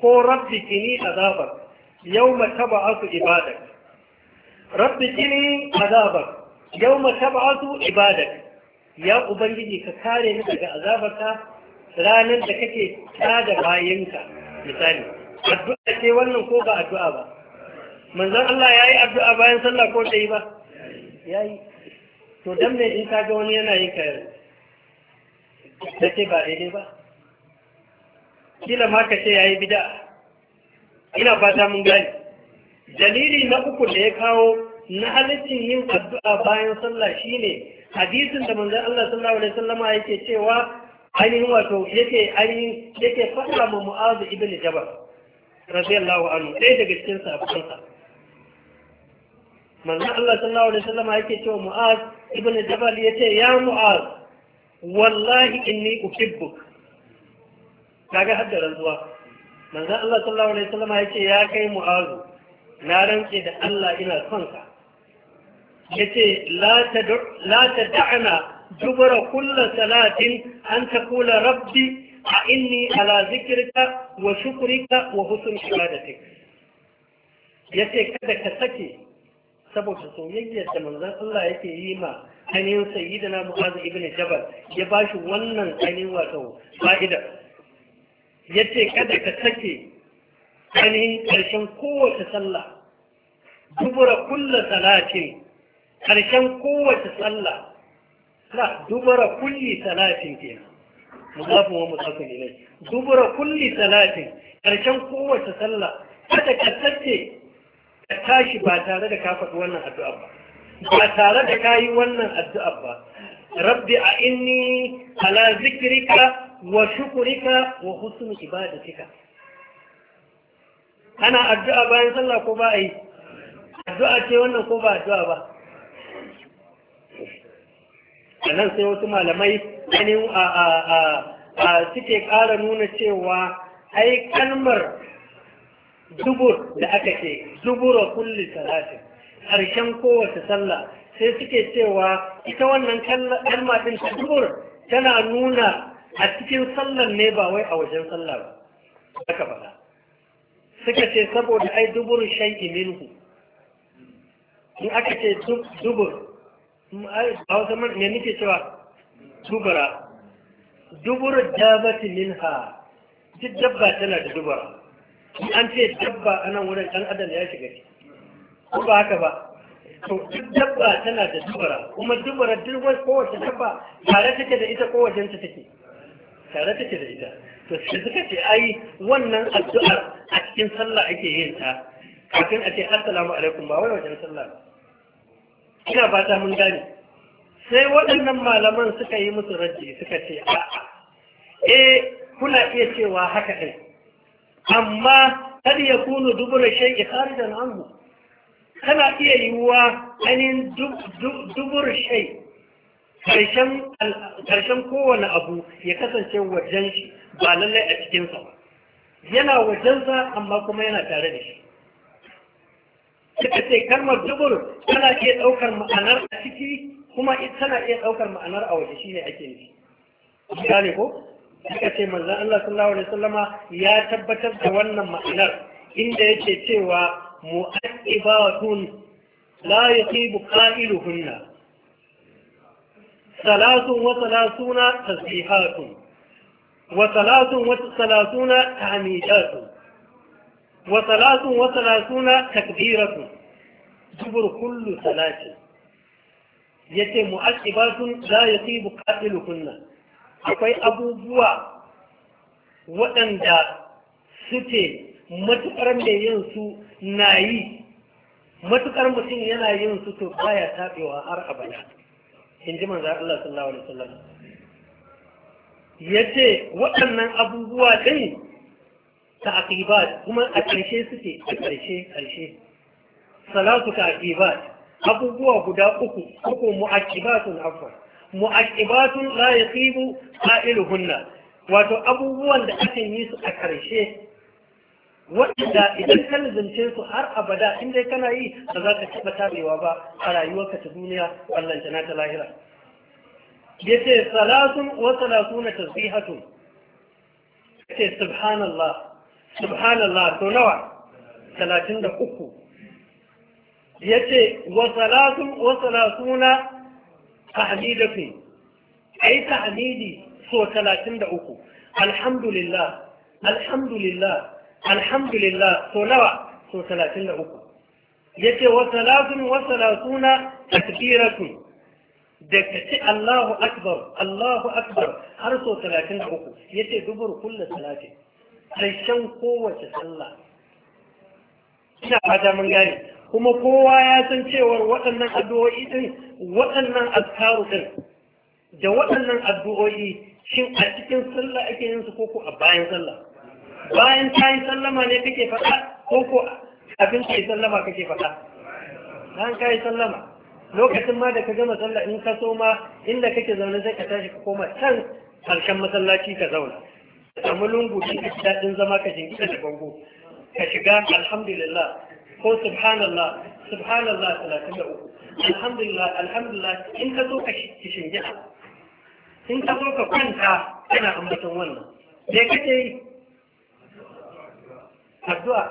ko rabbi kini azabar yau ma ba asu ibadar rabbi kini azabar yau ma ba asu ibadar ya ubangiji ka kare ni daga azabarka ranar da kake da bayanka misali addu'a ce wannan ko ba addu'a ba manzon Allah yayi addu'a bayan sallah ko tayi ba yayi to dan ne in kaga wani yana yin kayar kace ba daidai ba kila ma ka ce yayi bid'a ina fata mun gani dalili na uku da ya kawo na halittin yin addu'a bayan sallah shine hadisin da manzon Allah sallallahu alaihi wasallama yake cewa ainihin wato yake ainihin yake fara ma Mu'adh ibn Jabal radiyallahu anhu ɗaya daga cikin sahabbansa manzon Allah sallallahu alaihi wasallama yake cewa mu'az ibn Jabal yace ya mu'az wallahi inni uhibbuk kaga hadda rantsuwa manzon Allah sallallahu alaihi wasallama yace ya kai Mu'adh na rantse da Allah ina son ka yace la ta da'ana dubura kulla salatin an ta kula rabbi a inni ala zikirka wa shukurika wa husn Ya ce, kada ka sake saboda soyayyar da manzon Allah yake yi ma ainihin sayyidina Mu'az ibn Jabal ya bashi wannan ainihin wato fa'ida yace kada ka sake ainihin karshen kowace sallah dubura kulla salatin ƙarshen kowace sallah na dubara kulli ke kenan mudafin wa musafin ne dubara kulli talatin ƙarshen kowace sallah kada ka tsace ka tashi ba tare da ka faɗi wannan addu'a ba ba tare da ka yi wannan addu'a ba rabbi a inni ala zikirika wa shukurika wa ibada ibadatika ana addu'a bayan sallah ko ba a yi addu'a ce wannan ko ba addu'a ba sannan sai wasu malamai ganin a suke ƙara nuna cewa ai kalmar dubur da aka ce dubura kulli salatin harshen kowace sallah sai suke cewa ita wannan kalma ɗin ta dubur tana nuna a cikin sallar ne ba wai a wajen sallah ba aka faɗa suka ce saboda ai dubur shan iminku, in aka ce dubur a wasu ne nake cewa dubara duburar dabati minha duk dabba tana da dubara an ce dabba a nan wurin ɗan adam ya shiga ne ko ba haka ba to duk dabba tana da dubara kuma dubara duk wani kowace dabba tare take da ita kowace ta take tare take da ita to sai suka ce ai wannan addu'ar a cikin sallah ake yin ta kafin a ce assalamu alaikum ba wai wajen sallah ba ina fata mun gane sai waɗannan malaman suka yi musu raji suka ce a eh kuna iya cewa haka ɗin amma kada ya kunu dubura shay'i kharijan anhu kana iya yiwuwa ainihin dubur shai karshen kowane abu ya kasance wajen shi ba lallai a cikinsa ba yana wajensa amma kuma yana tare da shi suka ce kalmar dubur tana iya ɗaukar ma'anar a ciki kuma tana iya ɗaukar ma'anar a waje shine ake nufi misali ko suka ce manzon Allah sallallahu alaihi Sallama ya tabbatar da wannan ma'anar inda yake cewa mu'aqibatun la yaqibu qailuhunna ثلاث wa تسبيحات وثلاث وثلاثون تحميدات وثلاث وثلاثون تكبيرة جبر كل ثلاث yace mu'aqibatun la yasibu qatilukunna akwai abubuwa waɗanda suke matuƙar mai yinsu su na yi matuƙar mutum yana yin su to baya taɓewa har abada in ji manzan Allah sallallahu alaihi wasallam yace waɗannan abubuwa ɗin تعقيبات هم أكرشي سكي أكرشي أكرشي صلاة تعقيبات أبو بوا بدا أكو أكو مؤكبات عفوا مؤكبات لا يقيب قائلهن wato abubuwan da aka yi su a ƙarshe waɗanda idan ka lizince su har abada in dai kana yi ba za ka taɓa tabewa ba a rayuwarka ta duniya ballanta na ta lahira ya ce salasun wa salasuna tasbihatun ya ce subhanallah subhanallah to nawa talatin da uku ya ce wasalasuna a yi tahmidi so talatin da uku alhamdulillah alhamdulillah alhamdulillah so nawa so talatin da uku ya ce wasalatun wasalasuna da ka Allahu Akbar, Allahu Akbar har so talatin da uku, ya ce dubur talatin. ƙarshen kowace sallah ina fata mun gane kuma kowa ya san cewar waɗannan addu'o'i ɗin waɗannan azkaru ɗin da waɗannan addu'o'i shin a cikin sallah ake yin su koko a bayan sallah bayan ta yi sallama ne kake faɗa koko abin ka yi sallama kake faɗa bayan ka yi sallama lokacin ma da ka gama sallah in ka so ma inda kake zaune sai ka tashi ka koma can karshen masallaci ka zauna samu lungu da ka daɗin zama ka jingina da bango ka shiga alhamdulillah ko subhanallah subhanallah talatin da uku alhamdulillah alhamdulillah in ka zo ka shingina in ka zo ka kwanta kana ambaton wannan sai kake yi الدعاء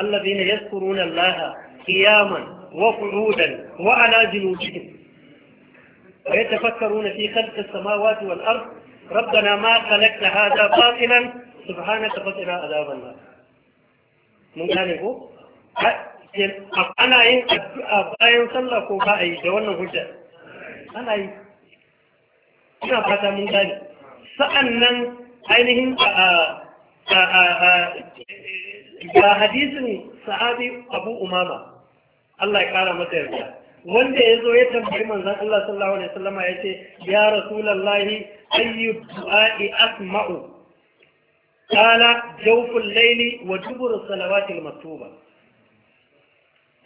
الذين يذكرون الله قياما وقعودا وعلى جنوبهم ويتفكرون في خلق السماوات والأرض ربنا ما خلقت هذا باطلا سبحانك فقنا عذاب النار من كان يقول انا ان ابين سلكوا باي دون حجه انا ان فات من كان فانن اينهم ا ا حديث صحابي ابو امامه الله يكرمه يا wanda ya zo ya tambayi manzan Allah sallallahu alaihi wasallama ya ce ya rasulallahi ayyu du'a'i asma'u qala jawful layli wa dubur salawatil maktuba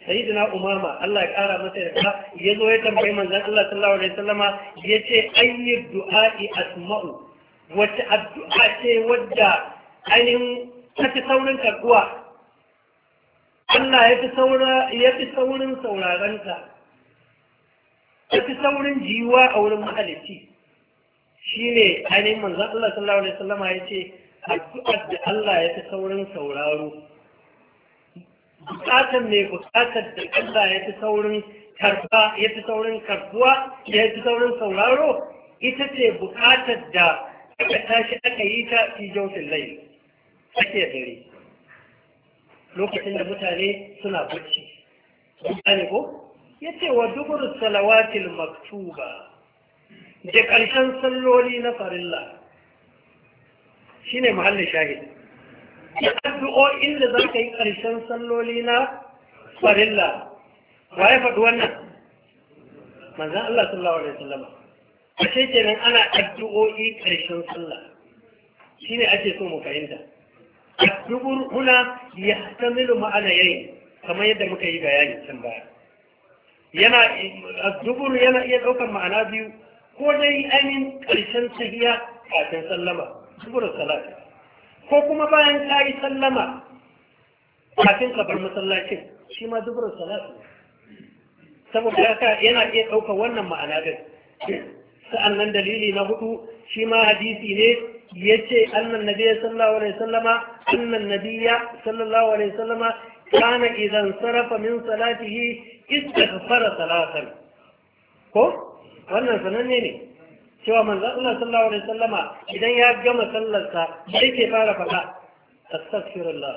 sayyidina umama Allah ya kara masa yarda ya zo ya tambayi manzan Allah sallallahu alaihi wasallama ya ce ayyu du'a'i asma'u wata addu'a ce wadda ainihin ta saurin karkuwa Allah ya fi saurin sauraronta tafi saurin jiwa a wurin mahalicci shine ainihin manzon Allah sallallahu alaihi wasallam ya ce addu'ar da Allah ya fi saurin sauraro bukatar ne bukatar da Allah ya fi saurin karba ya fi saurin karbuwa ya fi saurin sauraro ita ce bukatar da aka tashi aka yi ta fi jautin lai ake dare lokacin da mutane suna bacci mutane ko ya ce wa dubur salawatil maktuba da ƙarshen salloli na farilla shi ne muhallin shahid ya addu'o'in da za ka yi ƙarshen salloli na farilla wa ya faɗi wannan manzan Allah sallallahu alaihi Wasallam a ce kenan ana addu'o'i ƙarshen sallah shi ne ake so mu fahimta addu'ur huna ya tamilu ma'ana yayi kamar yadda muka yi bayani can baya yana yana iya ɗaukar ma'ana biyu ko dai ainihin ƙarshen tahiya kafin sallama duburin salati ko kuma bayan ka yi sallama kafin ka bar masallacin shi ma duburin salati saboda haka yana iya ɗaukar wannan ma'ana din Sa'annan dalili na hudu shi ma hadisi ne ya ce annan nabiya sallallahu alaihi sallama annan nabiya sallallahu alaihi sallama كان إذا انصرف من صلاته استغفر ثلاثا كو wannan sananne ne? cewa manzon Allah sallallahu alaihi wasallama idan ya gama sallarsa sai ke fara faɗa astaghfirullah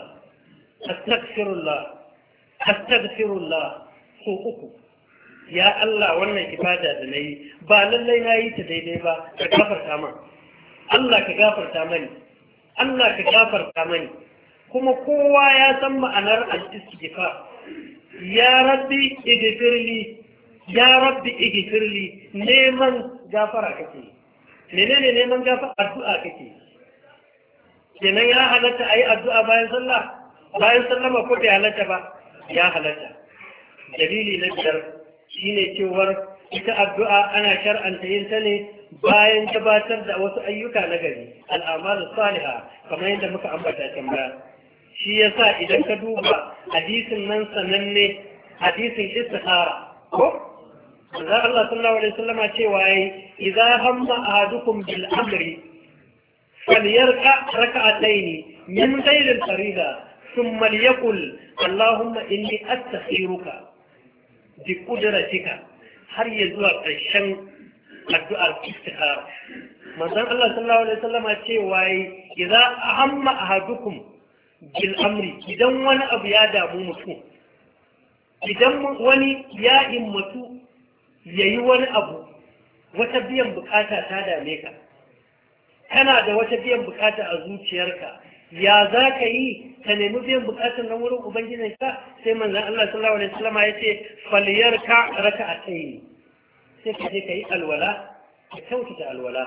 astaghfirullah astaghfirullah so uku ya Allah wannan ibada da nayi ba lallai na yi ta daidai ba ka gafarta min Allah ka gafarta mani Allah ka gafarta mani kuma kowa ya san ma'anar al ya rabbi igifirli ya rabbi igifirli neman gafara kake menene neman gafara addu'a kake kenan ya halatta a yi addu'a bayan sallah bayan sallah ma ko bai halatta ba ya halatta dalili na biyar shi ne cewar ita addu'a ana shar'anta yin ta ne bayan gabatar da wasu ayyuka na gari al'amalin saliha kamar yadda muka ambata can baya shi yasa idan ka duba hadisin nan sananne hadisin istihara ko manzo Allah sallallahu alaihi wasallam cewa yayi idza hamma ahadukum bil amri falyarka rak'atayn min ghayr al fariida ثم ليقل اللهم إني أستخيرك بقدرتك har ya zuwa ƙarshen addu'ar istihara manzon Allah sallallahu alaihi wasallam cewa idza ahamma ahadukum bil amri idan wani abu ya damu mutum idan wani ya himmatu ya yi wani abu wata biyan bukata ta dame ka kana da wata biyan bukata a zuciyarka ya za ka yi ka nemi biyan bukatar na wurin ubangijinka sai manzan Allah sallallahu alaihi wasallam ya ce faliyar ka raka a kai sai ka je ka yi alwala ka kyautata alwala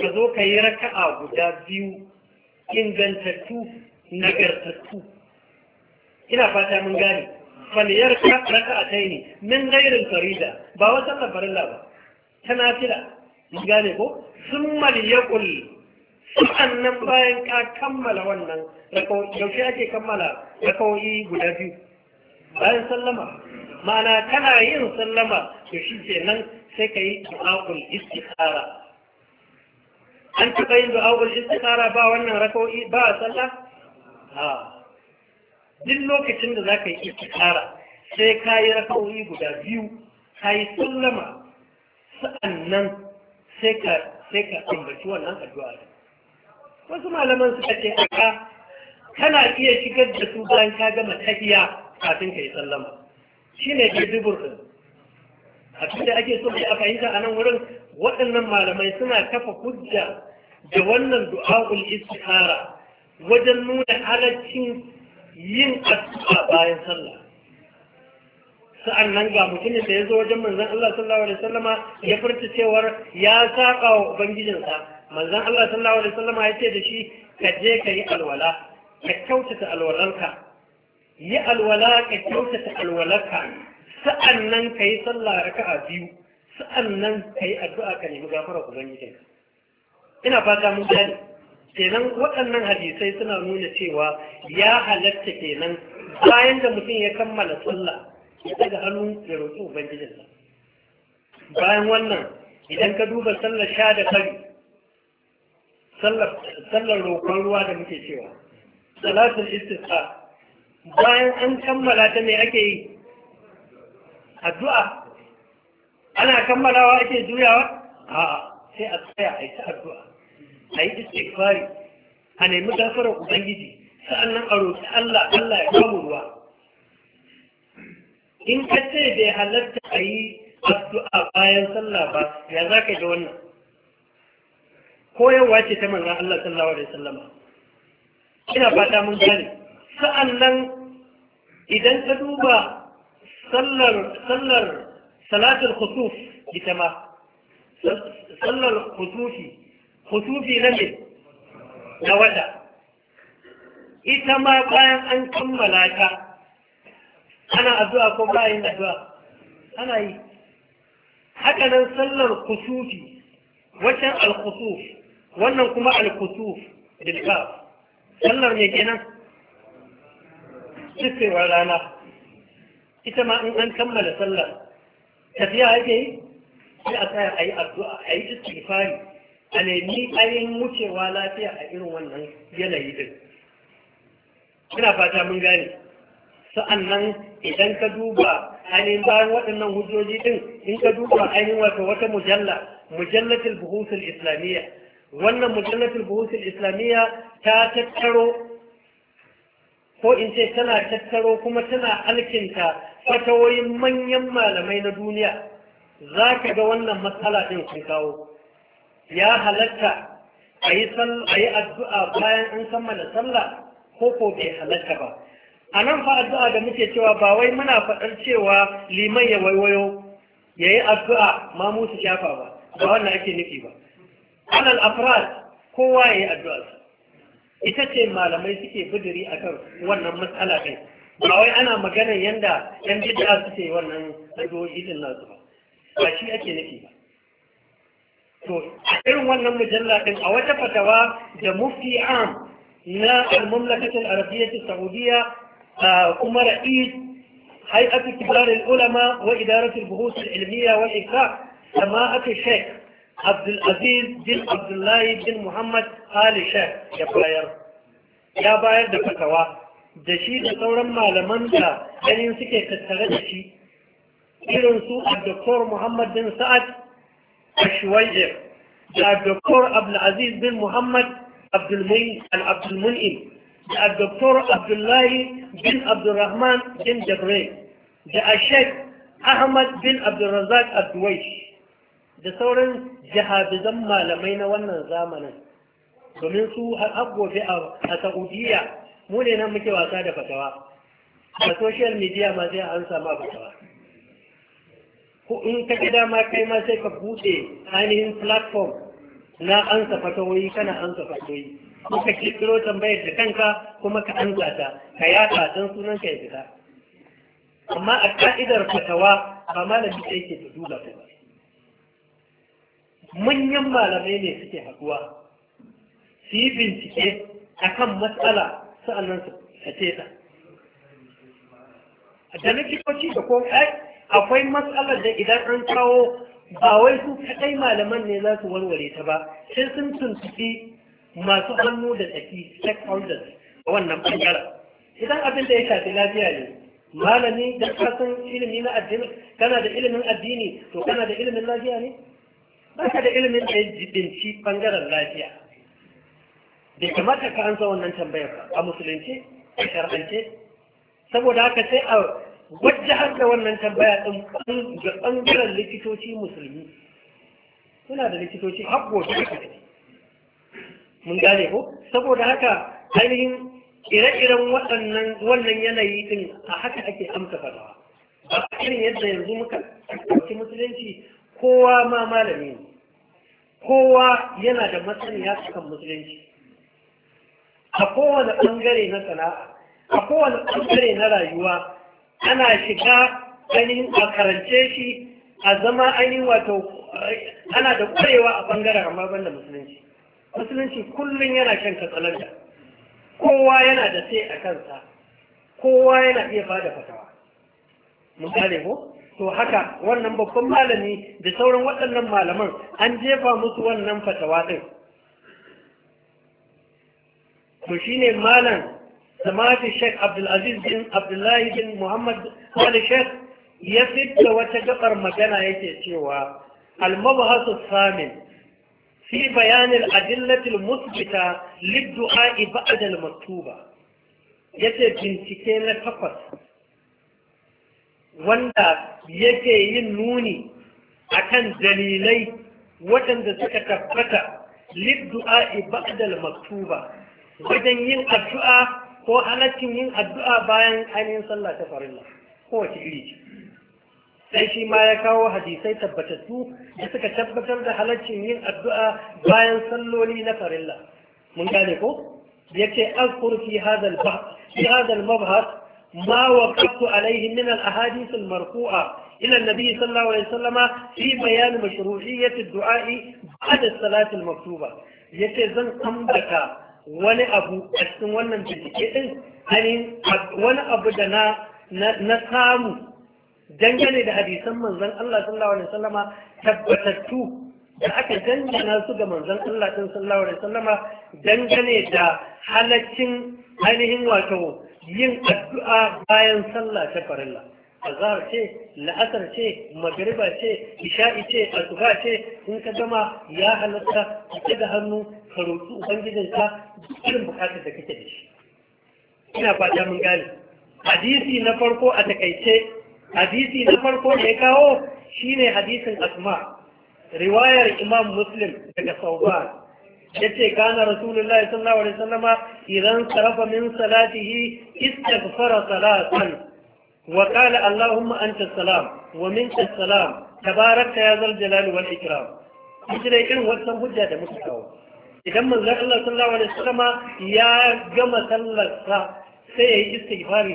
ka zo ka yi raka'a guda biyu ingantattu nagartattu ina fata mun gane faliyar raka a kai ne min gairin farida ba wata labarin ba ta nafila mun gane ko sun maliyakul Su nan bayan ka kammala wannan yaushe ake kammala rakawoyi guda biyu bayan sallama ma'ana kana yin sallama to shi ke nan sai ka yi du'a'ul istikhara an taɓa yin du'a'ul istikhara ba wannan rakawoyi ba a sallah duk lokacin da za ka yi ikikara sai ka yi rakawoyi guda biyu ka yi sallama sa'annan sai ka ambaci wannan addu'a wasu malaman suka ce aka kana iya shigar da su bayan ka gama tafiya kafin ka yi sallama shi ne ke dubur A abin da ake so a fahimta a nan wurin waɗannan malamai suna kafa hujja da wannan du'a'ul istikhara wajen nuna halaccin yin addu'a bayan sallah sa'an nan ga mutumin da ya zo wajen manzan Allah sallallahu alaihi Sallama ya furta cewar ya saƙa wa ubangijinsa manzan Allah sallallahu alaihi Sallama ya ce da shi ka je ka yi alwala ka kyautata alwalarka yi alwala ka kyautata alwalarka sa'an nan ka yi sallah a biyu sa'an nan ka yi addu'a ka nemi gafarar ubangijinka ina fata mun gane kenan waɗannan hadisai suna nuna cewa ya halatta kenan bayan da mutum ya kammala sallah ya daga hannu ya roƙi ubangijinsa bayan wannan idan ka duba sallar sha da kari sallar roƙon ruwa da muke cewa salatul istisqa bayan an kammala ta me ake yi addu'a ana kammalawa ake juyawa a sai a tsaya a yi ta addu'a a yi istighfari a nemi gafarar ubangiji sa'annan a roƙi Allah Allah ya kawo ruwa in ka ce bai halatta a yi addu'a bayan sallah ba ya za ka ga wannan koyarwa ce ta manzan Allah sallallahu alaihi Sallama. ina fata mun gane sa'annan idan ka duba sallar sallar salatul khusuf ita ma sallar khusufi husufi na ne na wata ita ma bayan an kammala ta ana addu'a ko bayan addu'a ana yi haka nan sallar kusufi wacan al-kusuf wannan kuma al-kusuf bilkaf sallar ne kenan tsifewar rana ita ma in an kammala sallar tafiya ake yi sai a tsaya a yi addu'a a yi istighfari a nemi ayin wucewa lafiya a irin wannan yanayi din ina fata mun gane sa'annan idan ka duba ainihin bayan waɗannan hujjoji din in ka duba ainihin wata wata mujalla mujallatul buhusul islamiyya wannan mujallatul buhusul islamiyya ta tattaro ko in ce tana tattaro kuma tana alkinta fatawoyin manyan malamai na duniya za ka ga wannan matsala ɗin sun kawo ya halatta a yi addu'a bayan an kammala sallah ko ko bai halatta ba a nan fa addu'a da muke cewa ba wai muna faɗar cewa liman ya waiwayo ya yi addu'a ma musu shafa ba ba wannan ake nufi ba alal afrad kowa ya yi addu'a su, ita ce malamai suke buduri kan wannan matsala ɗin ba wai ana magana yanda yan bid'a suke wannan addu'o'i din nasu ba ba shi ake nufi ba to irin wannan mujalla din a wata fatawa da mufti am na al-mamlakatul arabiyyah saudiya kuma ra'is hay'atu kibar al-ulama wa idaratu al-buhus al-ilmiyya wal ikra sama'at al Abdul Aziz bin Abdullahi bin Muhammad Ali Sheikh ya bayar ya bayar da fatawa da shi da sauran malaman da ganin suke tattare da shi irin su Dr. Muhammad bin Sa'ad الشويع الدكتور عبد العزيز بن محمد عبد المنعم عبد المنعم الدكتور عبد الله بن عبد الرحمن بن جبريل الشيخ Ahmad bin Abdulrazak Abduwaish da sauran jihadizan malamai na wannan zamanin domin su har gobe a Saudiya mu ne nan muke wasa da fatawa a social media ma sai an sama fatawa ko in ka ga dama kai ma sai ka buɗe ainihin platform na ansa fatawoyi kana ansa fatawoyi ko ka kirkiro tambayar da kanka kuma ka ansa ta ka yaɗa don sunan ka ya fita amma a ka'idar fatawa ba malami sai ke da duba ba manyan malamai ne suke haɗuwa su yi bincike a kan matsala sa'annan su ce ta da likitoci da ko eh, akwai matsalar da idan an kawo ba wai su kadai malaman ne za su warware ta ba sai sun tuntuɓi masu hannu da tsaki stakeholders a wannan bangaren idan abin da ya shafi lafiya ne malami da kasan ilimi na addini kana da ilimin addini to kana da ilimin lafiya ne ba ka da ilimin da ya jibinci bangaren lafiya bai kamata ka ansa wannan tambayar a musulunci a shar'ance saboda haka sai a har da wannan tambaya ɗin ga ɓangaren likitoci musulmi suna da likitoci haƙƙoƙi ne mun gane ko saboda haka ainihin ire-iren waɗannan wannan yanayi ɗin a haka ake amsa fadawa ba a irin yadda yanzu muka ɗauki musulunci kowa ma malami ne kowa yana da masaniya kan musulunci a kowane ɓangare na sana'a a kowane ɓangare na rayuwa ana shiga ainihin a karance shi a zama ainihin wato ana da kwarewa a bangaren amma ban da musulunci musulunci kullum yana shan katsalanta kowa yana da sai a kansa kowa yana iya ba da fatawa misali ko to haka wannan babban malami da sauran waɗannan malaman an jefa musu wannan fatawa ɗin to shine malam samati sheikh abdulaziz bin abdullahi bin muhammad wani sheikh ya fitta wata gabar magana yake cewa almabhasu samin fi bayanin adillatul musbita liddu'a ba'da al-maktuba yace bincike na takwas wanda yake yin nuni akan dalilai waɗanda suka tabbata liddu'a ba'da al-maktuba wajen yin addu'a ko halaccin yin addu'a bayan ainihin sallah ta farilla kowace iri sai shi ma ya kawo hadisai tabbatattu da suka tabbatar da halaccin yin addu'a bayan salloli na farilla mun gane ko ya ce azkur fi hadal ba fi hadal mabhas ma waqaftu alaihi min al ahadith marfu'a ila nabi sallallahu alaihi wasallam fi bayan mashru'iyyat ad du'a ba'da salat al maktuba yace zan ambata wani abu a cikin wannan bincike din ani wani abu da na samu dangane da hadisan manzon Allah sallallahu alaihi wasallama tabbatattu da aka dangana su ga manzon Allah sallallahu alaihi wasallama dangane da halaccin ainihin wato yin addu'a bayan sallah ta farilla azhar ce la'asar ce magariba ce isha'i ce asuba ce in ka gama ya halatta ka da hannu ka roƙi ka irin bukatar da kake da shi ina fata mun gane hadisi na farko a takaice hadisi na farko da ya kawo shine hadisin asma riwayar imam muslim daga sauba yace kana rasulullahi sallallahu alaihi wasallama idan sarafa min salatihi istaghfara salatan وقال اللهم أنت السلام ومنك السلام تبارك يا ذا الجلال والإكرام إجري إن وسم هجة مستوى إذا من ذا الله صلى الله عليه وسلم يا جمع سلسة سيئي استغفاري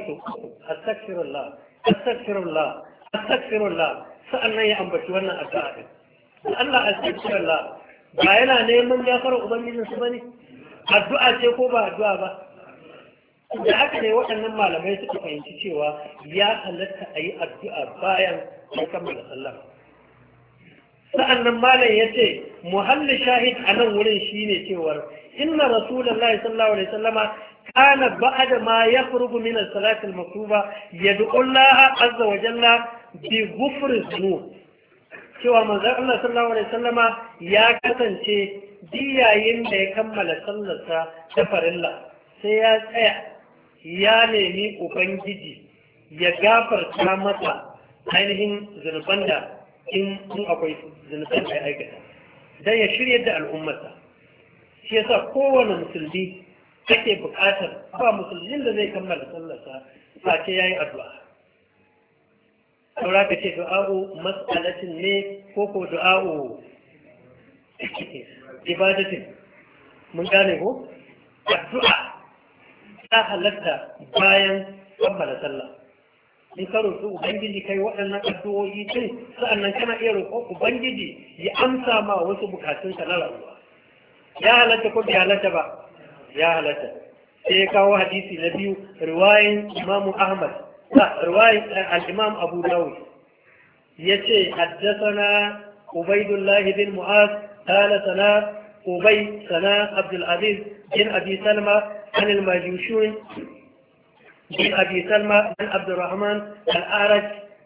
أستغفر الله أستغفر الله أستغفر الله سألنا يا أنبش وانا أتاعد الله أستغفر الله ba yana neman ya fara ubangijin su bane addu'a ce ko ba addu'a ba da haka ne waɗannan malamai suka fahimci cewa ya halatta a yi addu'a bayan an kammala sallah sa'an nan malam ya ce muhalli shahid a nan wurin shi ne cewar inna rasulallah sallallahu alaihi sallama kana ba'da ma ya furugu min as-salati al-maktuba azza wa jalla bi ghufri dhunub cewa manzon Allah sallallahu alaihi sallama ya kasance diyayin da ya kammala sallarsa ta farilla sai ya tsaya ya nemi ubangiji ya gafarta masa ainihin zunuban da in akwai zunuban da ya aikata don ya shirya da al'ummarsa shi yasa kowane musulmi kake bukatar ba musulmin da zai kammala sallarsa face ya yi addu'a saura ka ce du'a'u mas'alatin ne ko ko du'a'u ibadatin mun gane ko addu'a ta halatta bayan kammala sallah in ka roƙi ubangiji kai waɗannan addu'o'i din sa'annan kana iya roƙo ubangiji ya amsa ma wasu bukatunka na rayuwa ya halatta ko bai halatta ba ya halatta sai ya kawo hadisi na biyu riwayin imamu ahmad na ah, riwayin eh, al'imam abu dawud ya ce haddasana ubaidullahi bin mu'az kala sana ubai sana abdulaziz بن أبي سلمة عن الماجوشون بن أبي سلمة عن عبد الرحمن الأعرج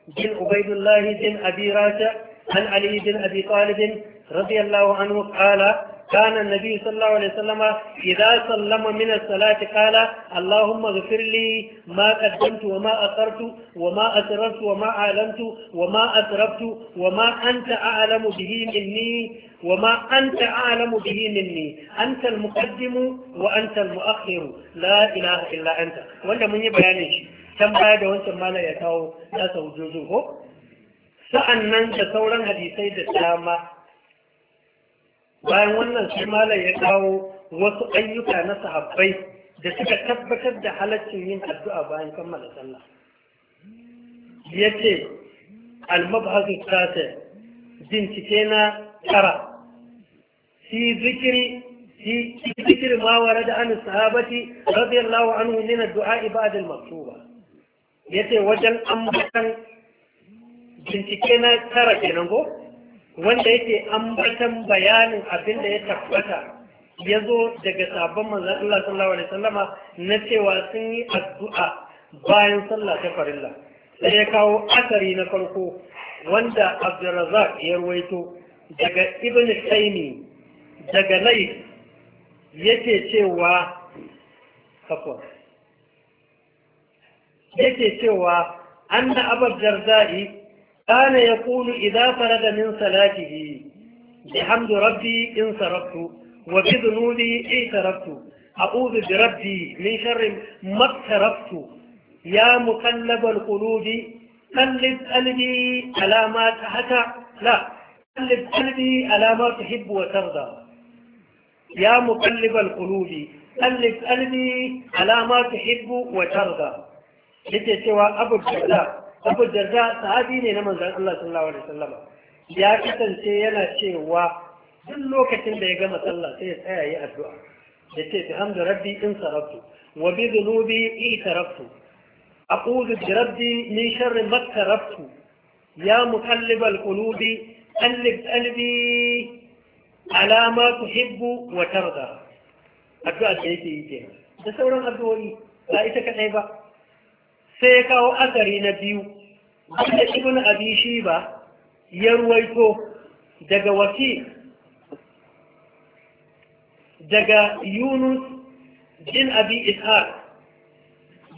بن عبيد الله بن أبي راشع عن علي بن أبي طالب رضي الله عنه قال كان النبي صلى الله عليه وسلم إذا سلم من الصلاة قال اللهم اغفر لي ما قدمت وما أثرت وما أسررت وما أعلنت وما أسرفت وما أنت أعلم به مني وما أنت أعلم به مني أنت المقدم وأنت المؤخر لا إله إلا أنت وأنت من يبياني كم بعد وأنت ما لا يتاو لا توجوزه sa'an nan da sauran hadisai da dama bayan wannan sai malam ya kawo wasu ayyuka na sahabbai da suka tabbatar da halaccin yin addu'a bayan kammala sallah ya ce almabhazu tasa bincike na tara fi zikiri fi zikiri ma warada an sahabati radiyallahu anhu min addu'a ibadal maktuba yace wajen ambatan bincike na tara kenan ko wanda yake ambatan bayanin abin da ya tabbata ya zo daga sabon manzan sallallahu alaihi sallama na cewa sun yi addu'a bayan sallah ta farilla sai ya kawo asari na farko wanda Abdulrazak ya ruwaito daga Ibn Taymi daga Lai yake cewa kafa yake cewa anna كان يقول إذا فرد من صلاته بحمد ربي إن صرفت وبذنوبي اعترفت أعوذ بربي من شر ما اقترفت يا مقلب القلوب قلب قلبي على ما تحت لا قلب قلبي على ما تحب وترضى يا مقلب القلوب قلب قلبي على ما تحب وترضى لكي سوى أبو الدرداء abu jarda sahabi ne na manzan Allah sallallahu alaihi wasallam ya kasance yana cewa duk lokacin da ya gama sallah sai ya tsaya yi addu'a ya ce hamdu rabbi in sarabtu wa bi dhunubi itarabtu أقول ni من شر ما Ya يا مقلب القلوب قلب قلبي على ما تحب وترضى addu'a da yake yi kenan da sauran addu'o'i ba ita kaɗai ba sai ya kawo asari na biyu wanda ibn abi shiba ya ruwaito daga waki daga yunus bin abi ishaq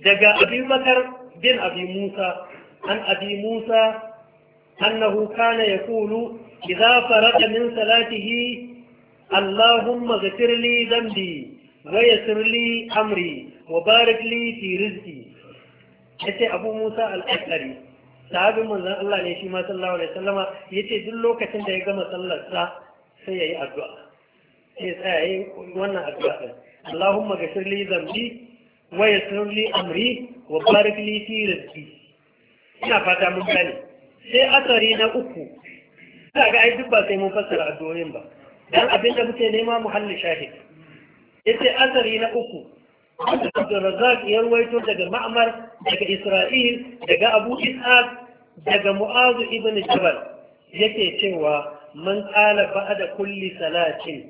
daga abi bakar bin abi musa an abi musa أنه كان يقول إذا فرق من صلاته اللهم اغفر لي ذنبي ويسر لي أمري وبارك لي في رزقي أتي أبو موسى الأشعري sahabin manzon Allah ne shi ma sallallahu alaihi wasallama yace duk lokacin da ya gama sallar sa sai yayi addu'a sai tsaya yi wannan addu'a din Allahumma ghfir li dhanbi wa yassir li amri wa barik li fi rizqi ina fata mun gane sai asari na uku ina ga ai duk ba sai mun fassara addu'o'in ba dan abinda muke nema muhalli shahid yace asari na uku wanda Abdulrazzaq ya ruwaito daga Ma'mar daga Isra'il daga Abu Ishaq daga Mu'azu ibn Jabal yake cewa man qala ba'da kulli salatin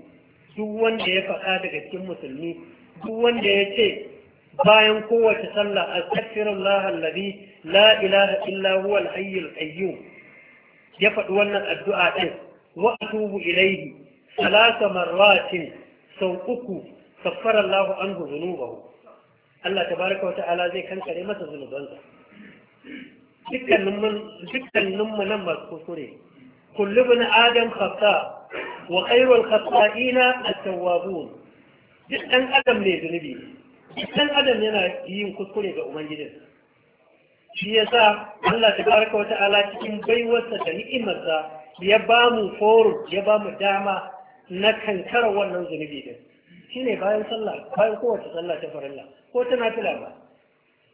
duk wanda ya faɗa daga cikin musulmi duk wanda ya ce bayan kowace sallah astaghfirullah alladhi la ilaha illa huwa al-hayyul qayyum ya faɗi wannan addu'a din wa atubu ilayhi salasa marratin sau uku kaffara Allahu anhu zunubahu Allah Ta baraka wa ta'ala zai kankare masa zunubansa dukkanin mu nan masu kuskure kullu bin adam khata wa khairul khata'ina at-tawwabun duk adam ne zunubi duk adam yana yin kuskure ga ubangijinsa shi yasa Allah Ta baraka wa ta'ala cikin baiwarsa da ni'imarsa ya ba mu forum ya ba mu dama na kankara wannan zunubi din shine bayan sallah bayan kowace sallah ta farilla ko tana nafila ba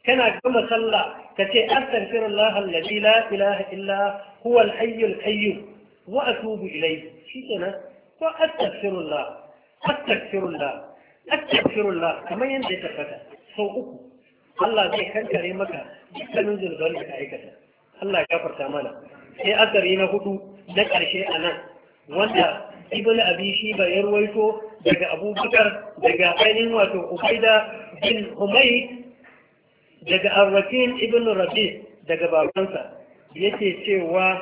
kana gama sallah ka ce astaghfirullah alladhi la ilaha illa huwa al-hayyul qayyum wa atubu ilayhi shikenan ko astaghfirullah astaghfirullah astaghfirullah kamar yadda ya tabbata sau uku Allah zai kankare maka dukkanin zunuban da ka aikata Allah ya farta mana sai asari na hudu na ƙarshe a nan wanda ibn abi shiba ya ruwaito daga abubakar daga ainihin wato ubaida bin humay daga arrakin ibn rabi daga babansa yake cewa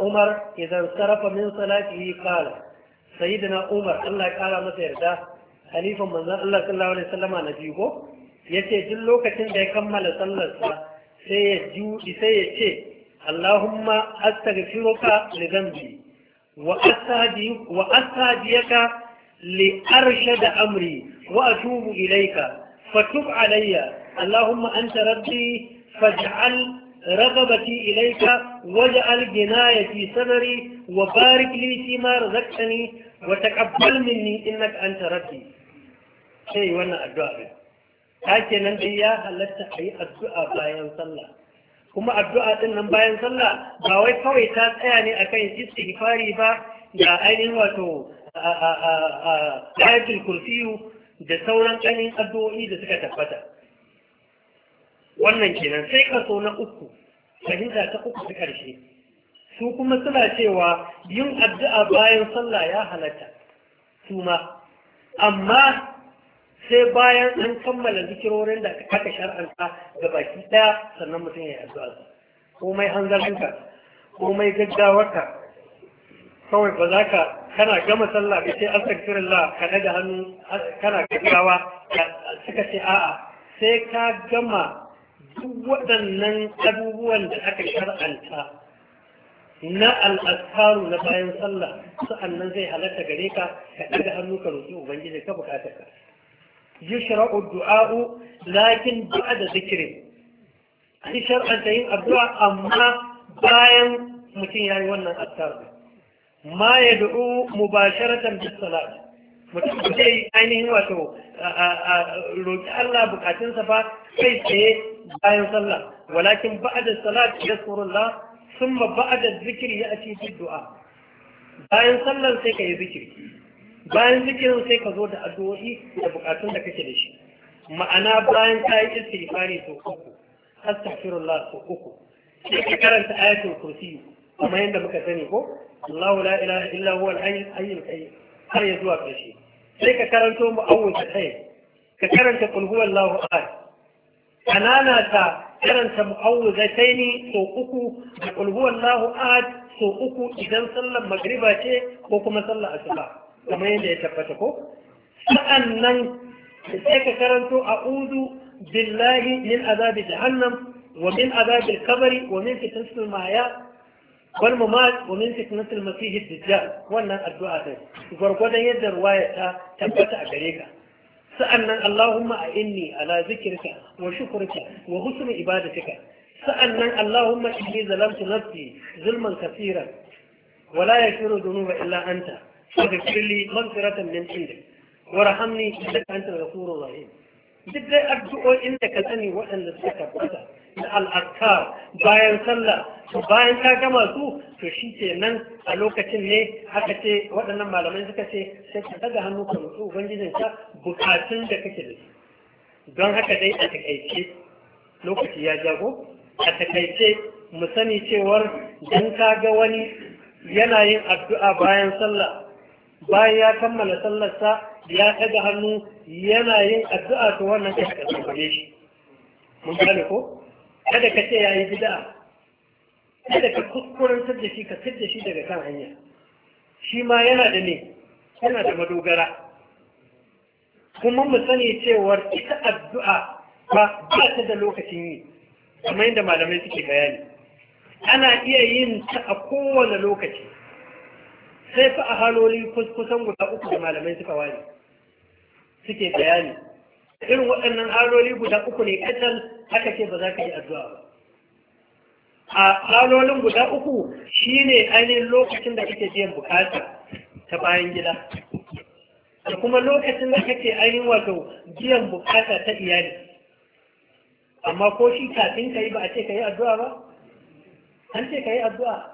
umar idan sarafa min من صلاته قال سيدنا Umar, Allah kara masa yarda halifan manzon Allah sallallahu alaihi wasallama na biyu ko yace duk lokacin da ya kammala sallarsa sai ya juɗi sai ya ce اللهم أستغفرك لذنبي وأستهديك لأرشد أمري وأتوب إليك فتب علي اللهم أنت ربي فاجعل رغبتي إليك واجعل جنايتي صدري وبارك لي فيما رزقتني وتقبل مني إنك أنت ربي شيء وانا الدعاء هكذا نبي يا هلت أي الدعاء بايان صلى kuma addu'a din nan bayan sallah ba wai kawai ta tsaya ne akan istighfari ba da ainihin wato ayatul kursiyu da sauran ainihin addu'o'i da suka tabbata wannan kenan sai kaso na uku fahimta ta uku ta ƙarshe su kuma suna cewa yin addu'a bayan sallah ya halatta su ma amma sai bayan an kammala zikirorin da aka shar'anta da baki daya sannan mutum ya addu'a komai hanzarinka komai gaggawarka kawai ba za ka kana gama sallah ka ce astaghfirullah ka daga hannu kana gaggawa suka ce a'a sai ka gama duk waɗannan abubuwan da aka shar'anta na al'askaru na bayan sallah sa'annan zai halatta gare ka ka daga hannu ka roƙi ubangiji ka bukatar ka yushra addu'a'u lakin ba'da zikiri. ai shar'an ta yin addu'a amma bayan mutum yayi wannan azkar ma yad'u mubasharatan bis salat mutum sai ainihin wato roki Allah bukatun ba fa sai sai bayan sallah walakin ba'da salat yasuru Allah thumma ba'da zikri ya'ti bid du'a bayan sallar sai kai zikiri. bayan zikirin sai ka zo da addu'o'i da bukatun da kake da shi ma'ana bayan ta yi istighfari to uku astaghfirullah to uku sai ka karanta ayatul kursi kamar yadda muka sani ko Allahu la ilaha illa huwa al-hayyul qayyum har ya zuwa ƙarshe sai ka karanto mu awwal ta ka karanta qul huwallahu ahad kanana ta karanta mu awwal zaini so uku da qul huwallahu ahad so uku idan sallar magriba ce ko kuma sallar asuba kamar yadda ya tabbata ko sa'annan sai ka karanto a a'udhu billahi min azabi jahannam wa min azabi kabari wa min fitnati al-mahya wal mamat wa min fitnati al-masih dajjal wannan addu'a ta gurgurdan yadda ruwaya ta tabbata a gare ka sa'annan Allahumma inni ala zikirka wa shukurka wa husni ibadatika سألنا اللهم إني ظلمت نفسي ظلما كثيرا ولا يشير ذنوب إلا أنت فاغفر لي مغفرة من عندك وارحمني إنك أنت الغفور الرحيم duk dai addu'o'in da ka sani waɗanda suka bata na al'akar bayan sallah bayan ka gama su to shi ke nan a lokacin ne aka ce waɗannan malamai suka ce sai ka daga hannu ka mutu ubangijin ka bukatun da kake da su don haka dai a takaice lokaci ya jago a takaice mu sani cewar don ka ga wani yana yin addu'a bayan sallah bayan ya kammala sallarsa ya ɗaga hannu yana yin addu'a to wannan ya ka shi mun gane ko kada ka ce yayi bid'a kada ka kuskuren da shi ka fidda shi daga kan hanya shi ma yana da ne yana da madogara kuma mu sani cewar ita addu'a ba ba ta da lokacin yi kamar yadda malamai suke bayani ana iya yin ta a kowane lokaci sai fa a haloli kusan guda uku da malamai suka ware suke bayani irin waɗannan haloli guda uku ne kacal aka ce ba za ka yi addu'a ba a halolin guda uku shine ainihin lokacin da kake biyan bukata ta bayan gida da kuma lokacin da kake ainihin wato biyan bukata ta iyali amma ko shi kafin ka yi ba a ce ka yi addu'a ba an ce ka yi addu'a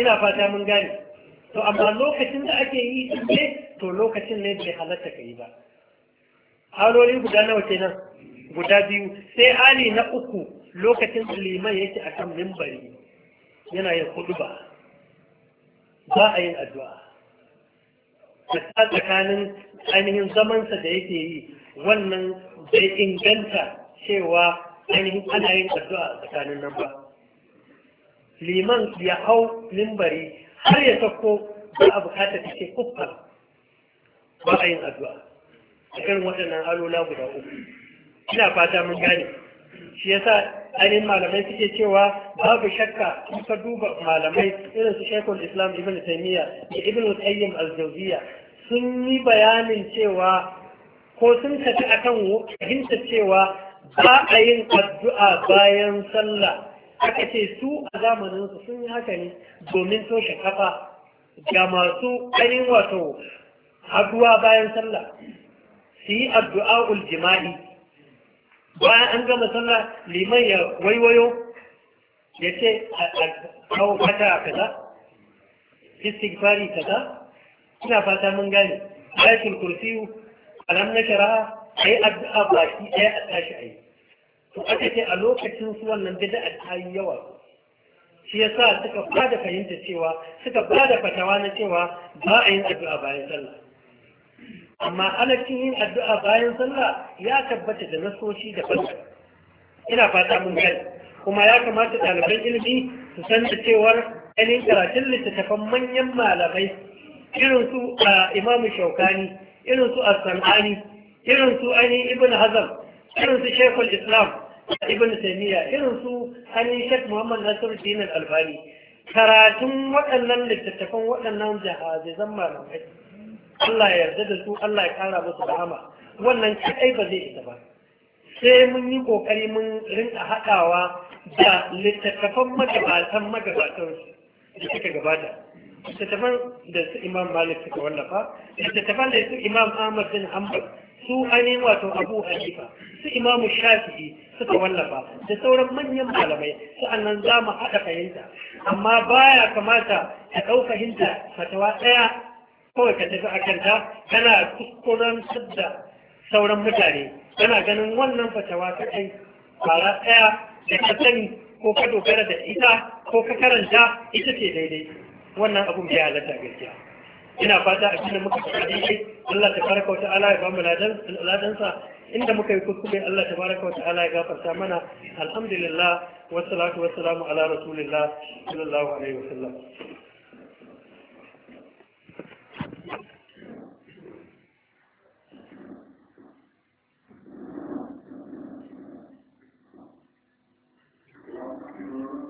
ina fata mun gane to amma lokacin da ake yi ne to lokacin ne bai halatta ka yi ba haloli guda nawa kenan guda biyu sai hali na uku lokacin liman yake a kan mimbari yana yin hudu ba ba a yin addu'a ta tsakanin ainihin zamansa da yake yi wannan bai inganta cewa ainihin ana yin addu'a a tsakanin nan ba liman ya hau mimbari har ya sauko ba a bukatar ta ce ba a yin addu'a a irin waɗannan alola guda uku ina fata mun gane shi yasa ainihin malamai suke cewa babu shakka in ka duba malamai irin su shekul islam ibn taymiya da ibn qayyim al-jawziya sun yi bayanin cewa ko sun tafi akan fahimta cewa ba a yin addu'a bayan sallah aka ce su a zamanin su sun yi haka ne domin toshe kafa ga masu ainihin wato haduwa bayan sallah su yi addu'a uljima'i bayan an gama sallah liman ya waiwayo ya ce a kawo fata kaza istighfari kaza ina fata mun gane ayatul kursiyu alam na shara a yi addu'a baki ɗaya a tashi a to aka ce a lokacin su wannan bid'a ta yi yawa shi yasa suka bada fahimta cewa suka bada fatawa na cewa ba a yin addu'a bayan sallah amma halaccin yin addu'a bayan sallah ya tabbata da nasoshi da fasa ina fata mun gani kuma ya kamata ɗaliban ilimi su san da cewar ɗanin karatun littattafan manyan malamai irin su a imamu shaukani irin su a sanani irin su ainihin ibn hazam irin su shekul islam da ibn taimiyya irin su hannun shek muhammad nasiru dinar albani karatun waɗannan littattafan waɗannan jahazizan malamai Allah ya yarda da su Allah ya kara musu rahama wannan kaɗai ba zai isa ba sai mun yi ƙoƙari mun rinka haɗawa da littattafan magabatan magabatan da suka gabata littattafan da su imam malik suka wallafa littattafan da su imam ahmad bin hanbal su ainihin wato abu hanifa su imamu shafi'i suka wallafa da sauran manyan malamai sa'annan za mu haɗa fahimta amma baya kamata ka ɗau fahimta fatawa ɗaya kawai ka tafi a kanta kana kuskuren da sauran mutane kana ganin wannan fatawa ta kai fara ɗaya da ka sani ko ka dogara da ita ko ka karanta ita ce daidai wannan abun bai halatta gaskiya ina fata a cikin muka faɗi dai Allah ta baraka wa ta'ala ya ba mu ladan ladansa inda muka yi kuskure Allah ta baraka wa ta'ala ya gafarta mana alhamdulillah wa salatu wa salamu ala rasulillah sallallahu alaihi wa sallam Thank you.